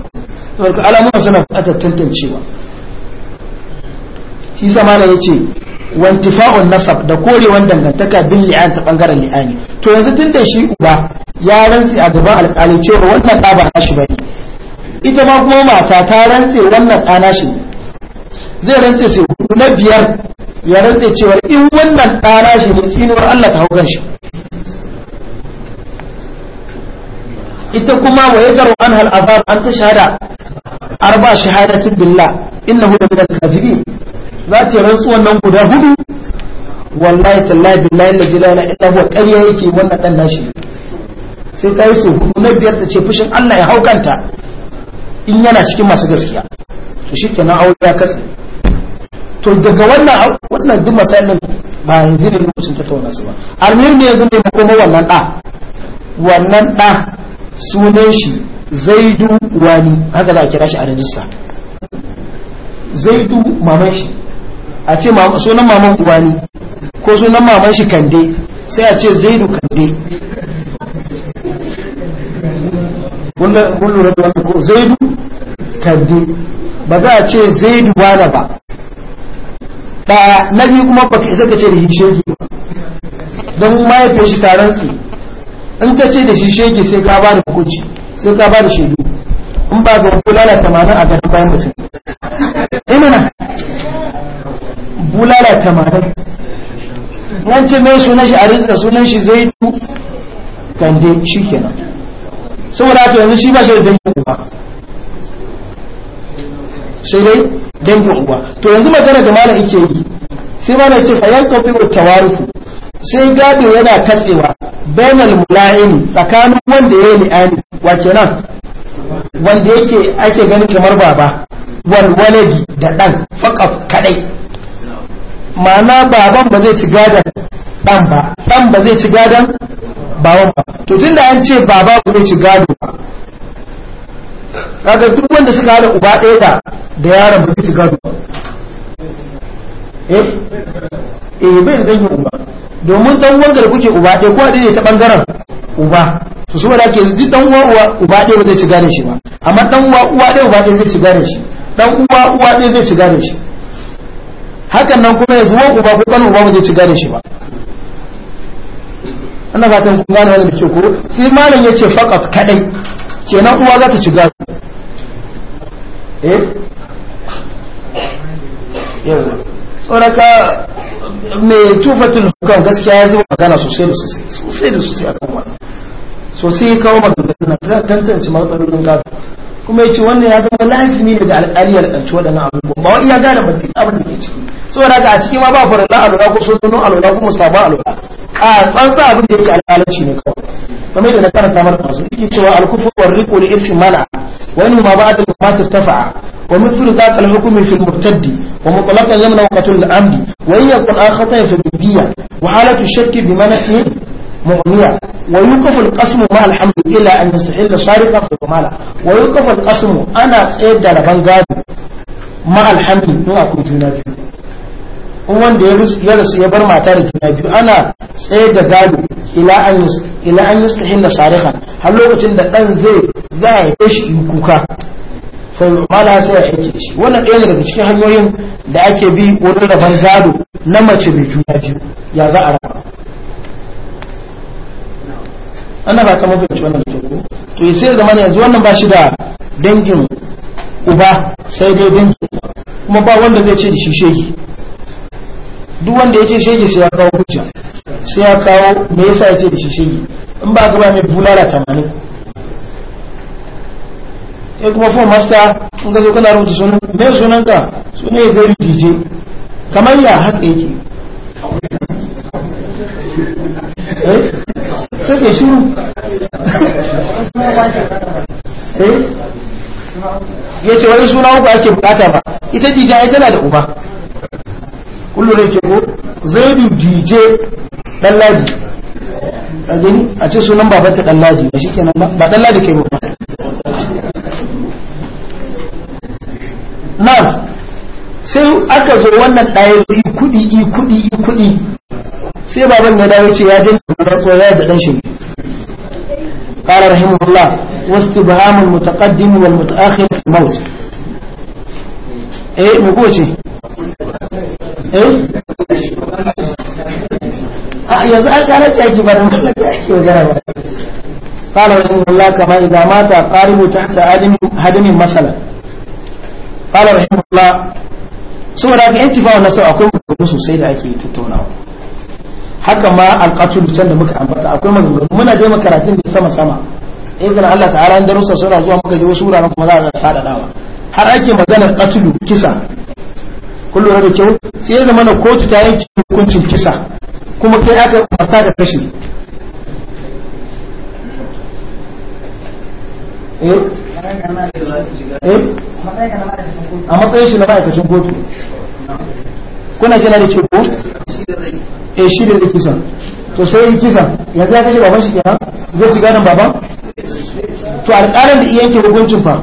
saboda alamun suna buƙatar tantancewa shi zamanin ya ce wantifa'un nasab da korewan dangantaka bin li'an ta bangaren li'ani to yanzu tun da shi uba ya rantsi a gaban alƙali cewa wannan ɗa ba nashi bane ita ma kuma mata ta rantse wannan ɗa nashi zai rantse sai hudu na biyar ya rantse cewa in wannan ɗa nashi ne tsinuwar Allah ta hau shi ita kuma wa yadar an hal an ta shahada arba shahadatin billah innahu la min al za ta rantsuwan nan guda hudu wallahi tallahi billahi allazi la ilaha illa huwa ƙarya yake wannan dan nashi sai ta yi su na biyar ta ce fushin Allah ya haukanta in yana cikin masu gaskiya to kenan aure ya katse to daga wannan wannan duk masalin ba yanzu ne lokacin tattauna su ba almir ne yanzu ne kuma wannan da wannan da sunan shi zaidu wani haka za a kira shi a rajista zaidu maman shi a ce sunan maman ubani ko sunan maman shi kande sai a ce zaidu kande kun lura da wani ko zaidu kande ba za a ce zaidu wani ba Da na biyu kuma ba zai isa ka ce da shi shege don mahaifin shi taron su in ka ce da shi shege sai ka ba da hukunci sai ka ba da shaidu in ba da wani lalata mana a garin bayan mutum bulala ta nan Wancan mai sunan shi a rinsa sunan shi zai du kande shi kenan saboda haka yanzu shi ba shi da dangin uba sai dai dangin uba to yanzu magana da malam yake yi sai malam ce fa yanka fi tawarufu sai gado yana katsewa bainal mula'ini tsakanin wanda ya yi ni'ani. wa kenan wanda yake ake ganin kamar baba wal waladi da dan faqaf kadai ma'ana baban ba zai ci gadon dan ba dan ba zai ci gadon baban ba to tunda an ce baba ba zai ci gado ba kaga duk wanda suka hada uba ɗaya da da yaron ba zai ci gado eh eh bai da yin uba domin dan wanda da kuke uba ɗaya ko a ɗaya ta bangaren uba to su da ke duk dan uwa uba ɗaya ba zai ci gadon shi ba amma dan uwa uwa ɗaya uba ɗaya zai ci gadon shi dan uwa uwa ɗaya zai ci gadon shi hakan nan kuma yanzu wa uba ko kanu uba ba zai ci gadon shi ba ana fatan kun gane wannan da ke ko sai malam yace ce faqat kadai kenan uwa za ta ci gado eh yau oraka me tufatul hukam gaskiya ya zuba magana sosai da sosai sosai da sosai akan wannan sosai kawo magana na tantance matsalolin gado kuma ya ce wannan ya zama lazimi daga alƙali ya ɗauki waɗannan abubuwan ba wani ya gane ba duk abin da ke ciki saboda haka a ciki ma ba farin na alura ko sojonin alura ko musamman alura a tsantsa abin da yake alƙalanci ne kawai kamar da na karanta mana masu yake cewa alkufu wa riko da irshin mana wani ma ba da mafatar tafa'a wa mithlu dhaka al-hukmi fi al-murtaddi wa mutlaqan yamna wa qatl al-amdi wa in yakun akhata fi al-bidiyya wa halatu shakki bi manahi mu'miya ويوقف القسم مع الحمد إلا أن يستحل صارفا فكمالا ويوقف القسم أنا أيد ربان غادي مع الحمد نوع كجونا بيو وان دي يرس يبر ما تاري جونا بيو أنا أيد غادي إلى أن إلى أن يستحل صارخا هل لو كنت دان زي زي إيش يكوكا فمالا سي حكيش وانا أيد ربان شكي هنوين دا أكي بي ورد ربان غادي نما تبي جونا بيو يا زعرا ana ba ta mafi wannan da ke to sai zama yanzu wannan ba shi da dangin uba sai dai dangin kuma ba wanda zai ce da shi shehi duk wanda ya ce shege sai ya kawo hujja sai ya kawo me yasa ya ce da shi shege in ba gaba mai bulala tamanin ya eh, kuma fo masta in ga zo kana rubuta sunan me sunan ka sunan ya zai rubije kamar ya haka yake eh? sai kai shiru eh? ya ce wani suna uku ake bukata ba ita dj ya tana da uba kullum ne ke ko zaidu dj dan ladi a gani a ce sunan babanta dan ladi ba nan ba dan ladi ke ba na sai aka zo wannan ɗaya yi kuɗi yi kuɗi yi kuɗi sai baban ya dawo ce ya je da ko ya da ɗan shi qala rahimahullah wasu al-mutaqaddim wal mutaakhir fi maut eh mu goce eh a yanzu an kana tsaki ba barin kala tsaki ba gara ba ƙara rahim الله kama إذا ƙari قارب ta hadimin masala ƙara rahim الله saboda haka intifa na sa akwai maganganu sosai da ake tattaunawa haka ma alƙatul can da muka ambata akwai maganganu muna je makaratun da sama sama izinin Allah ta in darussa suna zuwa muka je wasu wuraren kuma za a faɗaɗawa har ake maganar ƙatulu kisa kun da kyau sai ya zama na kotu ta yanke hukuncin kisa kuma kai aka umarta da kashi eh? Eh? a matsayin shi na ma'aikacin kotu kuna kira da ke a eh shi da rikisa to sai rikisa ya yanzu ya kashe baban shi kenan zai ci gadon baban to alƙalar da iyanke hukuncin fa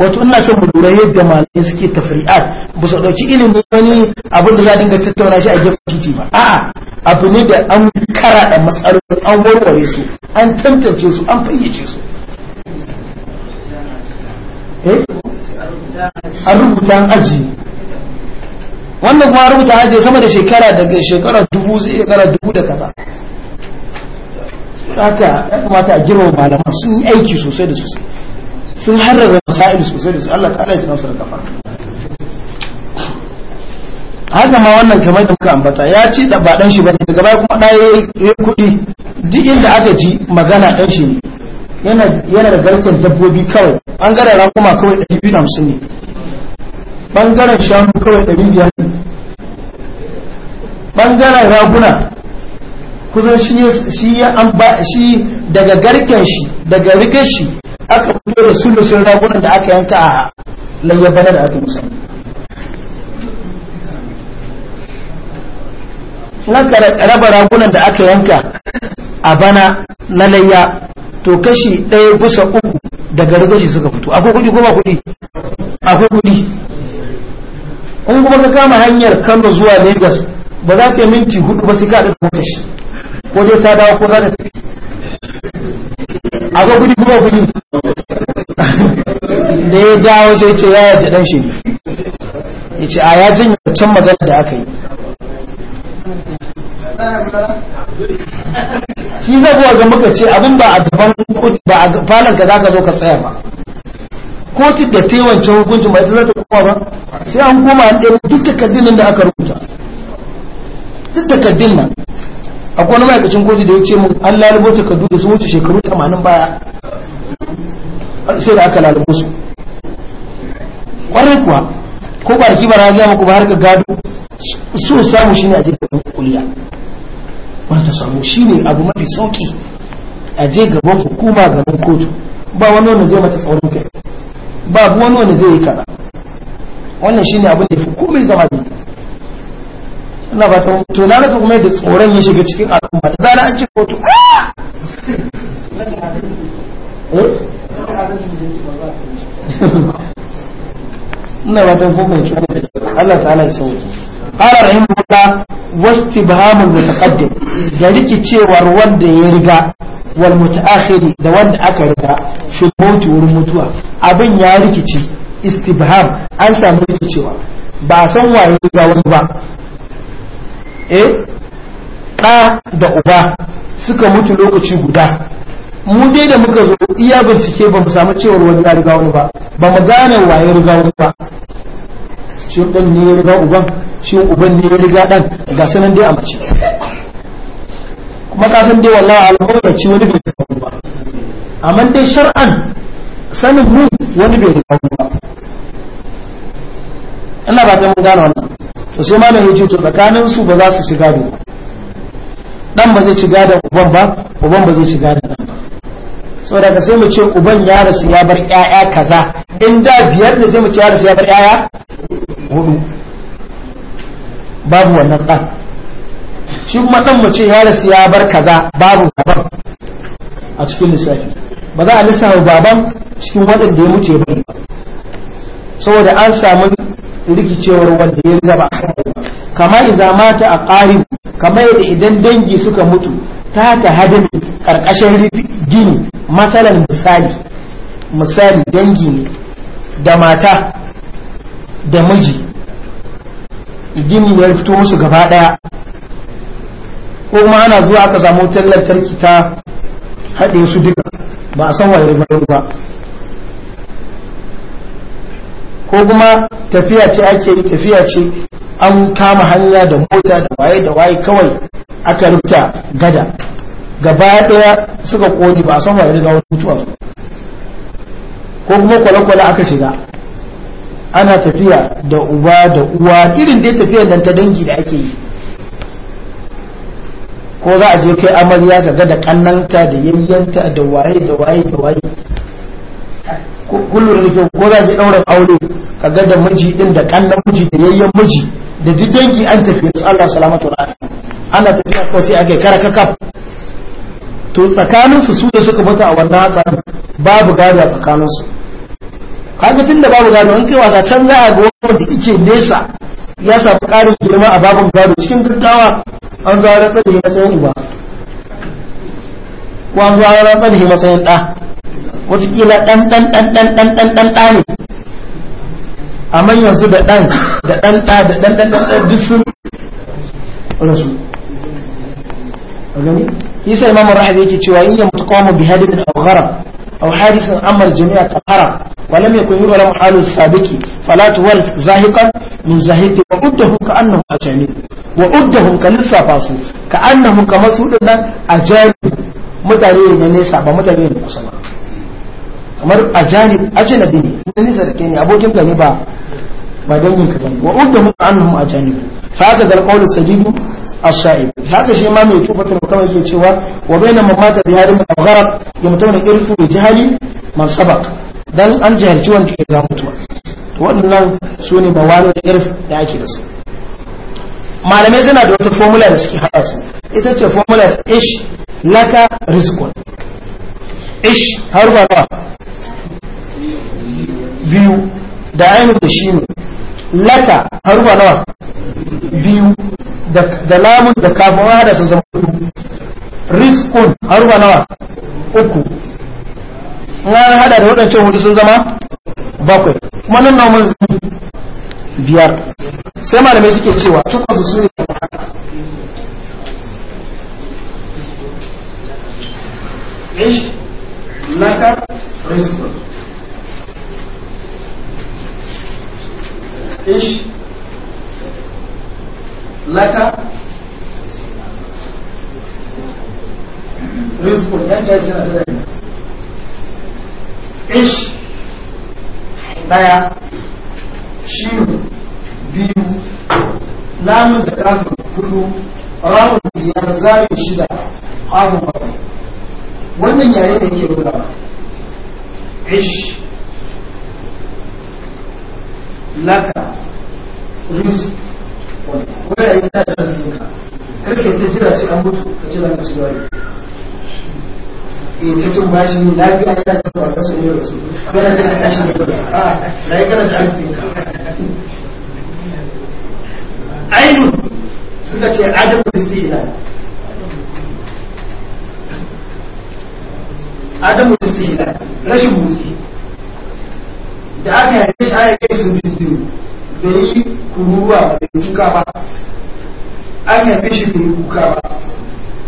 wato ina son mu lura yadda malamai suke tafri'at ba su ɗauki ilimin wani abin da za a dinga tattauna shi a gefen titi ba a'a abu ne da an karaɗa matsalolin an warware su an tantance su an fayyace su Eh? an rubuta an aji wannan kuma rubuta aji sama da shekara daga shekara dubu zai shekara dubu da kaza haka ya kamata a girma malaman sun yi aiki sosai da sosai sun harraba masa'il sosai da su Allah ta alaƙi nasu da kafa haka ma wannan kamar da muka ambata ya ci da ba ɗan shi ba daga baya kuma ya yi kuɗi duk inda aka ji magana ɗan shi ne yana da garken dabbobi kawai bangaren rakuma kawai 250 ne bangaren shanu kawai 500 ne bangaren raguna kuzo shi ya an ba shi daga garken shi daga rigar shi aka fito da sulusun ragunan da aka yanka a layyabana da aka musamman na raba ragunan da aka yanka a bana na layya to kashi ɗaya bisa uku daga rikashi suka fito akwai kuɗi ko ba kuɗi akwai kuɗi in kuma ka kama hanyar kano zuwa lagos ba za ka yi minti hudu ba sai ka da kashi ko dai ta dawo ko za ka tafi akwai kuɗi ko ba kuɗi da ya dawo sai ce ya yadda dan shi ya ce a ya janye can magana da aka yi shi zai kuwa ga muka ce abin ba a gaban ba a falon ka zaka zo ka tsaya ba kotu da ta yi wancan hukuncin ba ita za ta koma ba sai an koma an ɗaya duk da kaddinin da aka rubuta duk kaddin nan akwai wani ma'aikacin kotu da ya ce mun an lalubo takardu da sun wuce shekaru tamanin baya sai da aka lalubo su kwarai kuwa ko ba ki bara ga muku ba har ka gado su samu shine a jikin kulliya ba ta samu shine abu mafi sauki a je gaban hukuma gaban kotu ba wani wanda zai mata tsaron kai ba wani wanda zai yi kaza wannan shine abin da hukumar zama ina ba ta to na rasa kuma da tsoron ya shiga cikin al'umma da zara an ci kotu ah! eh? a ina ba don kuma shi Allah ta'ala ya sauke qala rahimahullah wastibhamu mutaqaddim da rikicewar wanda ya riga wal mutaakhiri da wanda aka riga shi mutu wurin mutuwa abin ya rikici istibham an samu rikicewa ba san waye riga wani ba eh ɗa da uba suka mutu lokaci guda mu dai da muka zo iya bincike ba mu samu cewar wani ya riga wani ba ba mu gane wa ya riga wani ba shi ɗan ne ya riga uban shi uban ne ya riga ɗan ga sanan dai a mace kuma ka san dai wallahi alhamdulillah ci wani bai riga wani ba amma dai shar'an sanin mu wani bai riga wani ba ina ba ta mun gane wannan to sai malam ya ce to tsakanin su ba za su shiga ba dan ba zai shiga da uban ba uban ba zai shiga da ɗan ba saboda ka sai mu ce uban ya rasu ya bar ƴaƴa kaza in da biyar ne sai mu ce ya rasu ya bar ƴaƴa hudu babu wannan ɗan shi kuma ɗan mu ce ya rasu ya bar kaza babu baban a cikin lissafi ba za a lissafa baban cikin waɗanda ya mutu ya bari ba saboda an samu rikicewar wanda ya zaba kamar idza mata a ƙari kamar yadda idan dangi suka mutu ta ta hadin ƙarƙashin gini matsalar misali misali dangi ne da mata da miji gini ya fito musu gaba daya ko kuma ana zuwa aka samu wutar lantarki ta haɗe su duka ba a san wayar bayan ba ko kuma tafiya ce ake yi tafiya ce an kama hanya da mota da waye da waye kawai aka rubuta gada gaba daya suka kone ba a san wani ga wani mutuwa ko kuma kwale-kwale aka shiga ana tafiya da uba da uwa irin dai tafiyar da ta dangi da ake yi ko za a je kai amarya ka ga da kannanta da yayyanta da waye da waye da waye kullum da ko za a je ɗaurin aure ka ga da miji din da kannan miji da yayyan miji da duk dangi an tafi su Allah salamatu ra'ayi ana tafiya ko sai a kai kaf. to tsakaninsu su da suka mutu a wannan hatsarin babu gada a tsakaninsu kaga tun da babu gado an kai wasa can za a ga wanda ike nesa ya samu ƙarin girma a babin gado cikin gaggawa an zo ratsar da matsayin uba ko an zo ratsar da matsayin ɗa wataƙila ɗan ɗan ɗan ɗan ɗan ɗan ɗan ɗa ne amma yanzu da ɗan da ɗan ɗa da ɗan ɗan ɗan duk sun rasu yasa imamu rahabi yake cewa in yamutu qawmun bi hadithin aw gharab aw hadithin amar jami'a tahara wa lam yakun yu'lam halu sabiqi fala tuwal zahiqan min zahiqi wa uddahu ka annahu ajami wa uddahum ka lissafa su ka annahu kamar su dinnan ajami mutane ne nesa ba mutane ne kusa ba kamar ajani ajnabi ne nesa da kai ne abokin ka ne ba ba dangin ka bane wa uddahum ka annahum ajami fa haka dal qawl sajidu الشائب هذا شيء ما من توفة المكمل في الشواء وبينما مات بهذا من الغرب يمتون إرث بجهل من سبق دل أن جهل جوان كذا متوى وأنه سوني بوالو إرث دعيك لسه malamai suna da wata formula da suke haɗa su ita ce formula ish laka rizqun ish har ba biyu da ainihin da shi ne laka harufa nawa biyu da lamun da kafin wani hada sun zama uku riskun harufa nawa uku wani hada da waɗancan hudu sun zama bakwai kuma nan nawa biyar sai malamai suke cewa tukwasu su ne ish laka rizqun ish laka rizqun yanda yake na da ish daya shi biyu lamun da kafin hudu rawun biyar zaɓin shida ƙafin bakwai wannan yare da yake gudawa ish laka wanda waya yi ta da ɗinka karke ta jira sai an mutu ka jira ka ciwa ne eh, in kacin bashi ne lafiya ya da ba ka sanya wasu kana da tashi ne wasu a ah, na yi kana da arzikinka ainu suka ce adam istila adam istila rashin musi da aka haife shi ana kai su biyu da yi kururuwa da kuka ba an haife shi da yi kuka ba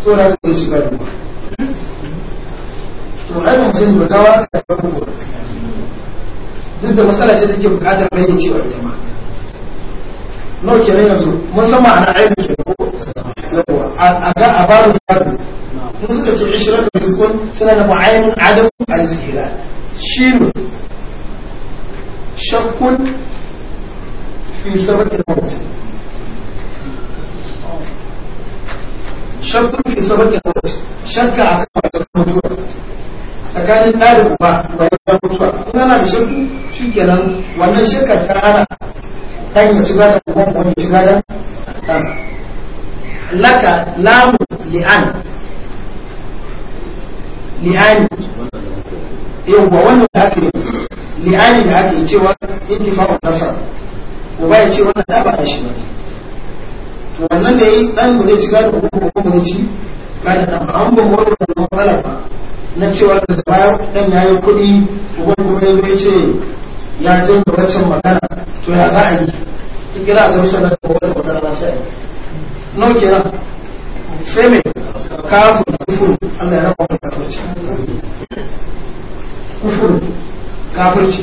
to na zai shiga ruwa to ai mun sani ba gawa ka da ruwa duk da matsala ce take bukatar bayyana cewa ita ma nau kenan yanzu mun san ma'ana da ke ko yawa a ga a baro da mun suka ce ishirar da suna da mu'ayyanin adam al-zihira shi ne شرق في سبب الموت شرق في سبب الموت شرق عقب الموت فكان الآلق باع ويبقى الموت وانا شرق في كلام وانا شرق تعالى تاين تبادة الموت وانا تبادة لك لام لأن لأن yau ba wannan da ake yanzu li'ani da ake cewa intifa'un nasar uba ya ce wannan da ba shi ba to wannan da yi dan mu ne ci gado ko ko mu ci gado dan ba an ba mu wannan matsala ba na cewa da baya dan yayi kuɗi ko kuma ya ce ya tun da wancan magana to ya za a yi in kira ga rushe da kowa da magana ba sai no kira sai me ka kufur Allah ya rabu da kafirci kufur kafirci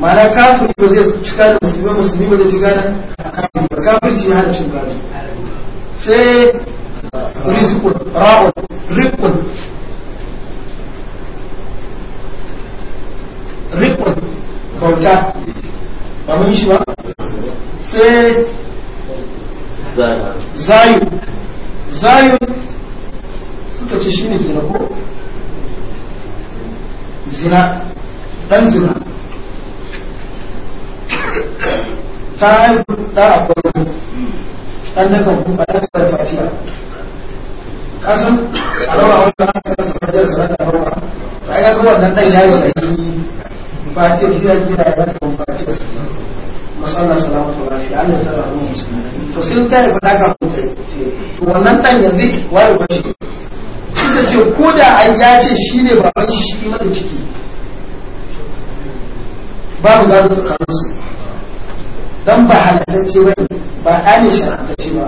ma'ana kafirci ba zai cika da musulmi musulmi ba zai cika da kafirci ba kafirci ya hana cin sai rizikun ra'un rikun rikun bauta ba mun shi ba sai zayu zayu suka ce shi ne sinako zina dan zina ta haihu da akwai dan da kan kuma ta kan fatiya kasan alawa wannan kan kan fajar sa ta hawa ta ga ruwan nan dan yayi da shi fatiya shi ya jira da kan fatiya masallan salamatu alaihi da Allah sallallahu alaihi wasallam to sun ta yi da kan fatiya to wannan dan yanzu wai ba shi ita ce ko da an yace shi ne baban shi kima da ciki babu su kan su dan ba halatacce ba ne ba ɗa ne shara'antacce ba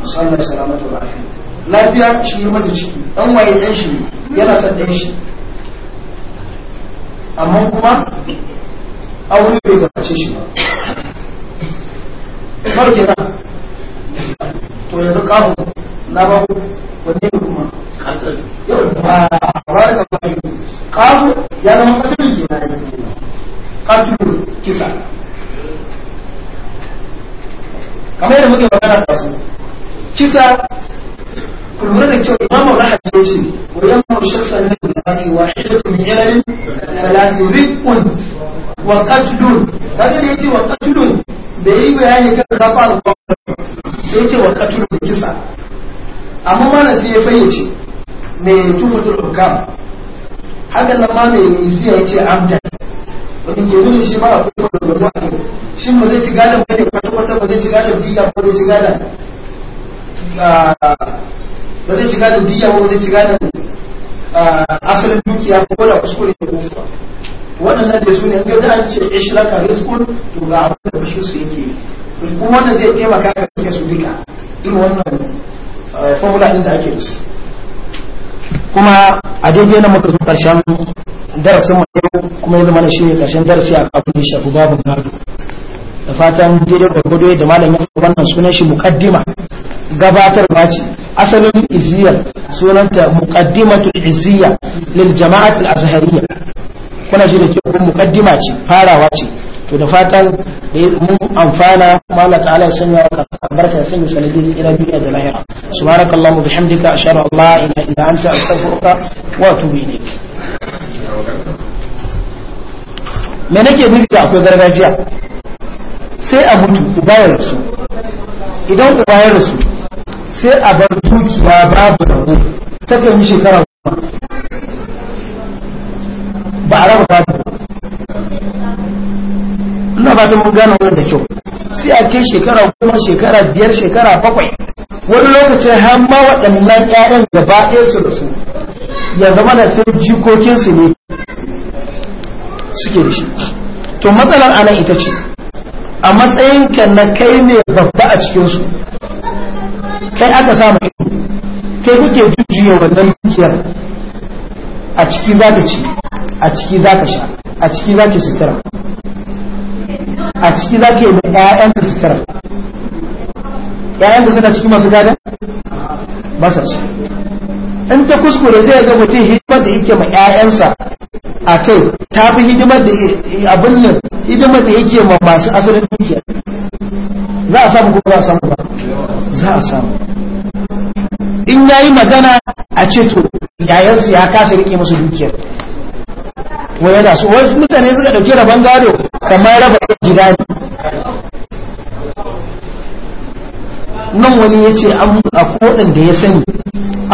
musamman salamatu ba lafiya shi ne mata ciki dan waye dan shi yana son dan shi amma kuma aure bai gabace shi ba farke na to yanzu kawo na ba wanne ne kuma yau ba ba da wani kafu ya zama katilin jina ne katilin kisa kamar yadda muke magana da su kisa kulmura da kyau imamu rahabi ya ce wa yamma shaksa ne da baki wa hidatu min yalalin salati rikun wa bai yi kisa amma mana sai ya fayyace mai tufatul hukam hakan nan ma mai isiya ya ce amda wani ke nuna shi ba a kuma da gwamna a kai shi ba zai ci gadon ne kwata-kwata ba zai ci gadon biya ko zai ci gadon ba zai ci gadon ah, biya ko zai ci gadon ah, asalin dukiya ko da kuskure ko ba da su ne ga da an ce ishraka rizqun to ga abin da bashi su yake kuma wannan zai taimaka ga kake su duka irin wannan Eh, formula din da ake da kuma a daidai na muka zo karshen darasin mu yau kuma ya zama shi ne karshen darasi a kafin shi shafi babu gado da fatan daidai gwargwado da malam ya wannan sunan shi muqaddima gabatarwa ce asalin iziyar sunanta muqaddimatul iziyya lil jama'atil azhariyya kuna shi da ke muqaddima ce farawa ce to da fatan mun amfana mala ta'ala ya barka ila duniya da lahira bihamdika ashhadu an la ilaha illa anta astaghfiruka wa atubu me nake nufi da akwai gargajiya sai a mutu uba ya rasu idan uba ya rasu sai a bar dukiya babu rabo ta kan shekara ba a raba babu fatan mun gane wannan da kyau sai a kai shekara goma shekara biyar shekara bakwai wani lokacin har ma waɗannan ƴaƴan gaba ɗaya su da su ya zama da sai jikokinsu ne suke da shi to matsalar anan ita ce a matsayinka na kai ne babba a cikinsu kai aka samu kai kuke jujjuya wannan dukiyar a ciki za ka ci a ciki za ka sha a ciki za ka sutura a ciki za ke yi da 'ya'yan da suka 'ya'yan da suka ciki masu gada ba sa ci in ta kuskure sai ga mutum hidimar da yake ma 'ya'yansa a kai ta fi hidimar da abin nan hidimar da yake ma masu asalin dukiya za a samu ko ba a samu ba za a samu in yayi magana a ce to yayansu ya kasa rike masu dukiyar wai da su wasu mutane suka dauke rabon gado kamar raba gida ne nan wani ya ce an mutu a koɗin da ya sani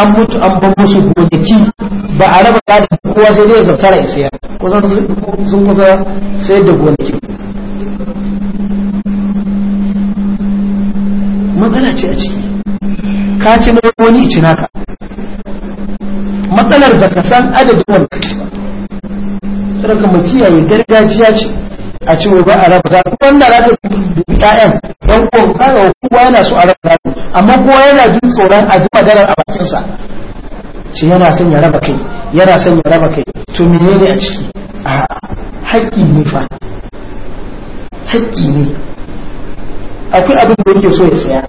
an mutu an ban musu gonaki ba a raba gado kowa sai dai zakara ya sayar kusan sun kusa sayar da gonaki matsala ce a ciki ka ci na wani cinaka. naka matsalar ba ka san adadin wani ba sadaka mu kiyaye gargajiya ce a ce ba a raba gado wanda za ta dubi ƴaƴan dan ko kaga kowa yana so a raba gado amma kowa yana jin tsoron a ji maganar a bakinsa ce yana son ya raba kai yana son ya raba kai to menene a ciki a haƙƙi ne fa haƙƙi ne akwai abin da yake so ya saya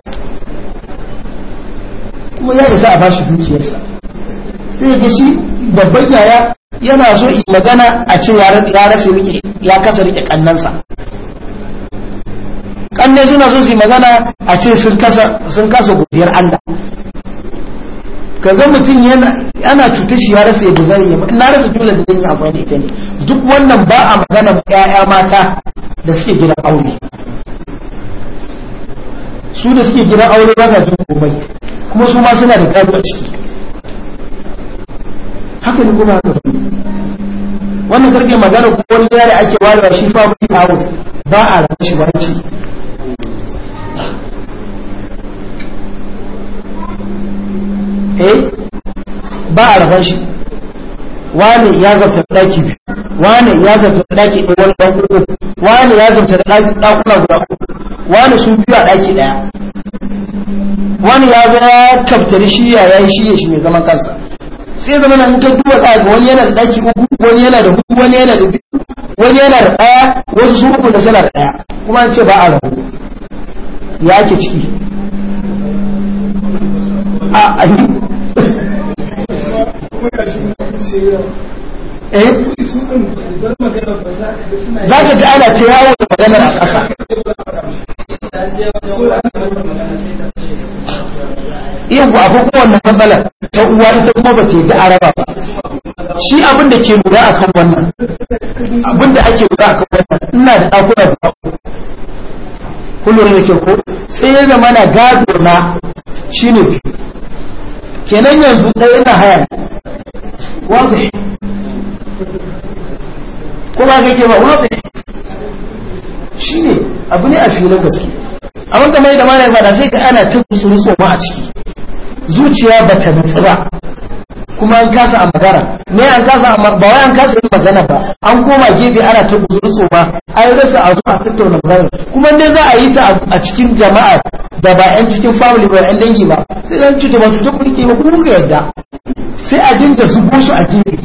kuma ya isa a bashi dukiyarsa sai ga shi babban yaya yana so yi magana a ce ya rasa miki ya kasa rike kannansa kanne suna so su yi magana a ce sun kasa godiyar Allah ka ga mutum yana cuta shi ya rasa yadda zai yi na rasa dole da zan yi amfani da ita ne duk wannan ba a magana ƴaƴa mata da suke gidan aure su da suke gidan aure ba sa jin komai kuma su ma suna da gado a ciki haka ne kuma haka wannan karfe magana ko wani yare ake warewa shi family house ba a rasa shi barci eh ba a rabar shi wani ya zarta daki wani ya zarta daki ɗaya wani ɗan uku wani ya zarta daki ɗakuna guda uku wani sun biyu daki ɗaya wani ya ga ya kaftari shi ya yi shi ya shi mai zaman kansa sai zama nan ta duba ka ga wani yana da daki uku wani yana da hudu wani yana da biyu wani yana da daya wasu su uku da suna da daya kuma an ce ba a rabu ya ke ciki a Eh? za ka ga ana ta yawo da maganar a ƙasa iya ku akwai kowanne matsalar ta uwa ita kuma ba ta yi da araba ba shi abin da ke lura a kan wannan abin da ake lura a kan wannan ina da ɗakuna da kullum da ke ko tsaye da mana gado na shine biyu kenan yanzu ɗaya na haya ne واضح kuma ga ke ba wafe shi ne abu ne a filin gaske A da mai da mana ba da sai ka ana ta so ba a ciki zuciya ba ta nufi ba kuma an kasa a magana ne an kasa a ba wai an kasa yin magana ba an koma gefe ana ta so ba yi rasa a zo a tattauna magana kuma ne za a yi ta a cikin jama'a da ba yan cikin family ba yan dangi ba sai an cuta ba cuta kuke ba kuma kuka yadda sai a dinka su su a gefe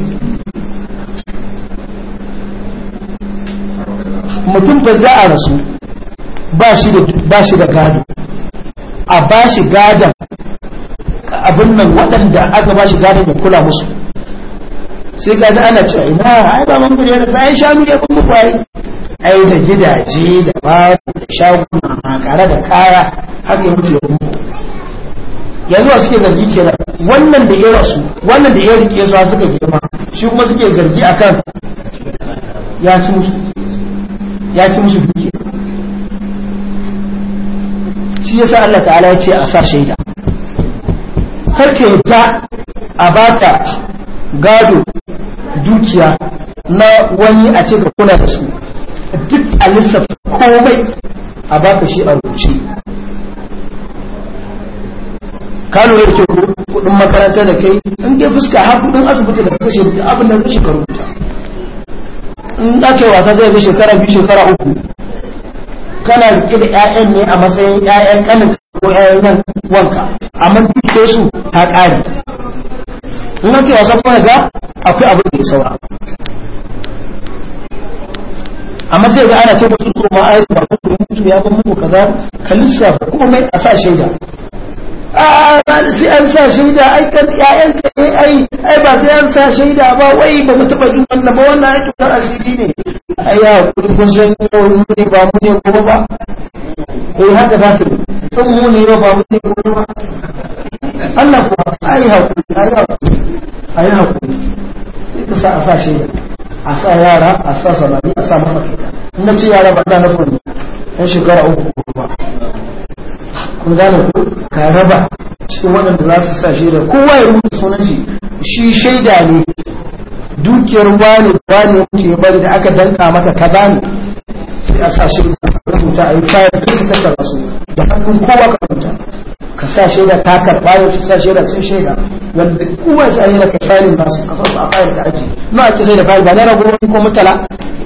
mutum ba za a rasu ba shi da gado a ba shi gadon abin nan waɗanda aka ba shi gadon da kula musu sai gaji ana cewa ina ai ba man gudu za a yi shanu ya kuma kwaye ai da gidaje da babu da shaguna makare da kaya haka yi mutu da kuma yanzu a suke zargi kenan wannan da ya rasu wannan da ya rike su suka girma shi kuma suke zargi akan ya ci musu ya ci musu duki shi yasa Allah ta'ala ya ce a sa shaida karka yadda a baka gado dukiya na wani a ce ka kula da su duk a lissafa komai a baka shi a rubuce kano lura ke kudin makaranta da kai in dai fuska har kudin asibiti da kashe duk abin da kashe ka ta in da ke wasa zai ga shekara biyu shekara uku kana rike da ƴaƴan ne a matsayin ƴaƴan kanin ko ƴaƴan wanka amma duk su ta ƙare in ka yi wasa kuma ga akwai abin da ya saura amma sai ga ana ta kuma ma ai ba mutu ya ba muku kaza ka lissafa kuma mai a sa shaida a sai an sa shaida ai kan ƴaƴan ka ne ai ai ba sai an sa shaida ba wai ba mu taba yin wannan ba wannan ai tutar asiri ne ai ya kudi kun san mu ne ba mu ne kuma ba eh haka za su san mu ne ba mu ne kuma ba Allah kuwa ai hakuri ai hakuri ai hakuri sai ka sa a sa shaida a sa yara a sa samari a sa masa kaita in na ce yara ba na nufin ɗan shekara uku ba kun gane ku ka raba cikin waɗanda za su sa shaida kowa ya rubuta sunan shi shi shaida ne dukiyar wani wani wani ya bari da aka danka mata kaza ne sai a sa shaida a rubuta a yi kayan duk ka tattara su da hannun kowa ka rubuta ka sa shaida ta karɓa ya sa shaida sun shaida wanda kowa ya sa ka fayil ba su ka sa a fayar da aji na ake sai da fayil ba na rago ko mutala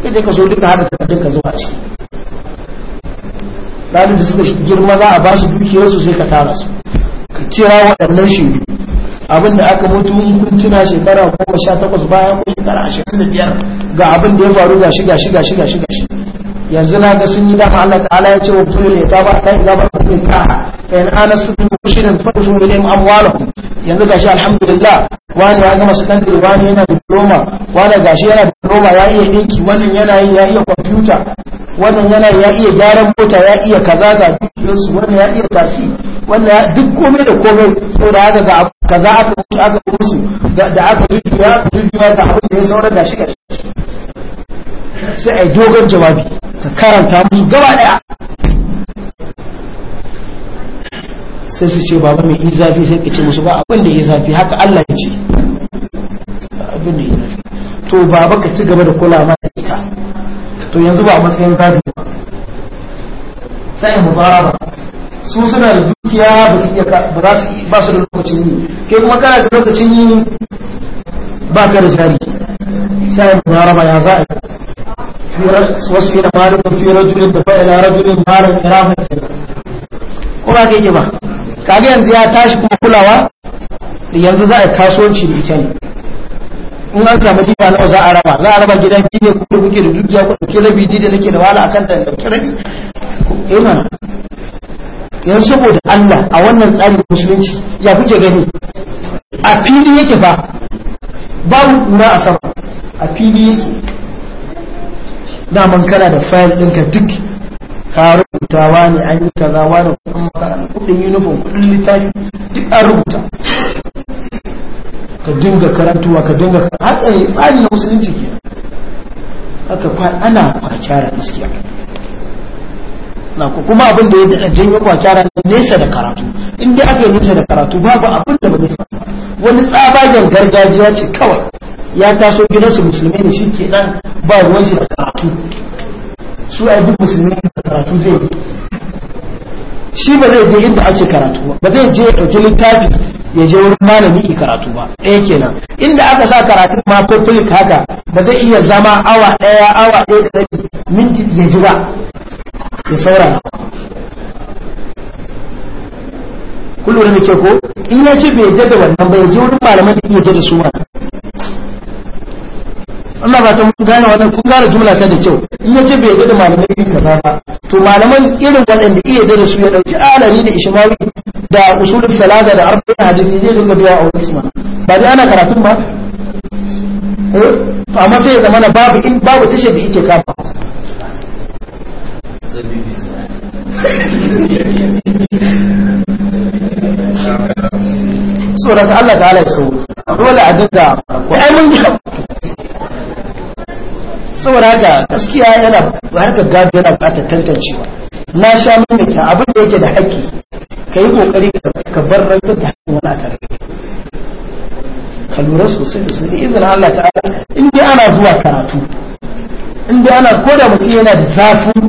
ita ka zo duka hada takardun ka zuwa ciki ranar da suka girma za a ba su dukiyarsu sai ka tara su ka kira waɗannan shi abin da aka mutu kun tuna shekara goma sha takwas bayan ko shekara ashirin da biyar ga abin da ya faru ga shiga shiga shiga shiga shi yanzu na ga sun yi dafa Allah ta'ala ya ce wa kullu ya ta ba ta ga ba ta ne ta fa in ana su shirin fadu mu amwalahum yanzu gashi alhamdulillah wani ya gama sakandare wani yana diploma wani gashi yana diploma ya iya dinki wannan yana yi ya iya kwamfuta wannan yana ya iya gyaran mota ya iya kaza ga su, wannan ya iya tafi wannan duk komai da komai sau da haka ga kaza aka mutu aka musu da aka jujjuya aka jujjuya da abin da ya saura da shi gashi sai a yi dogon jawabi ka karanta musu gaba daya sai su ce baba mai izafi sai ka ce musu ba abin da izafi haka Allah ya ce abin da izafi to baba ka ci gaba da kula ma da ita to yanzu ba a matsayin babi ba sai ba su suna da dukiya ba su ba su ba su da lokacin yi kai kuma kana da lokacin yi ba ka da jari sai mudaraba ya za a wasu yana malin da fiye rajulin da fa'ila rajulin malin irafin ko ba ka yi ba kaga yanzu ya tashi kuma kulawa yanzu za a kasuwanci da ita ne in an samu gida nawa za a raba za a raba gidan biyu ne kuma kuke da dukiya ku dauki rabi ni da nake da wala akan ta dauki rabi ina eh yanzu saboda Allah a wannan tsarin musulunci ya kuke gani a fili yake ba, babu kura a sama a fili yake daman kana da fayil ɗinka duk ka rubuta wani an yi kaza wani kuɗin makaranta kuɗin uniform kuɗin littafi duk an rubuta ka dinga karantuwa ka dinga haka eh, tsari na musulunci ke haka ana kwakyara gaskiya na ku kuma abin da ya janyo kwakyara nesa da karatu in dai aka yi nesa da karatu babu abin da ba zai wani tsabagen gargajiya ce kawai ya taso gidansu musulmi ne shi ke nan ba ruwan shi da karatu su a duk musulmi da karatu zai yi shi ba zai je inda ake karatu ba ba zai je ya ɗauki littafi ya je wurin malami i karatu ba ɗaya kenan inda aka sa karatu ma ko filik haka ba zai iya zama awa ɗaya awa ɗaya da rabi minti ya ji ba ya saura kullum da ke ko in ya ce bai yadda da wannan bai je wurin malaman da iya da su ba Allah ba ta mun gane wannan kun gane jumla ta da kyau in ya ce bai yadda malamai yin kaza ba to malaman irin waɗanda iya yadda da su ya ɗauki alani da ishmawi da usulul salada da arba'in hadisi zai dinga biya a wani ma ba dai ana karatun ba eh, to amma sai ya zama na babu in babu tashar da yake kafa tsorata Allah ta halaye sauri. dole a dinga ko ai mun saboda haka gaskiya yana harkar gado yana buƙatar tantancewa na sha mamita abin da yake da haƙƙi ka yi ƙoƙari ka bar rantar da haƙƙin wani a tare ka lura sosai da sun izin Allah ta'ala in dai ana zuwa karatu in dai ana ko da mutum yana da zafin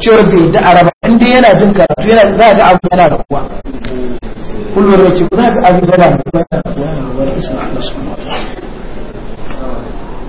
cewar bai da araba in dai yana jin karatu yana za ga abu yana da kuwa kullum da ke za ga abu da yana da kuwa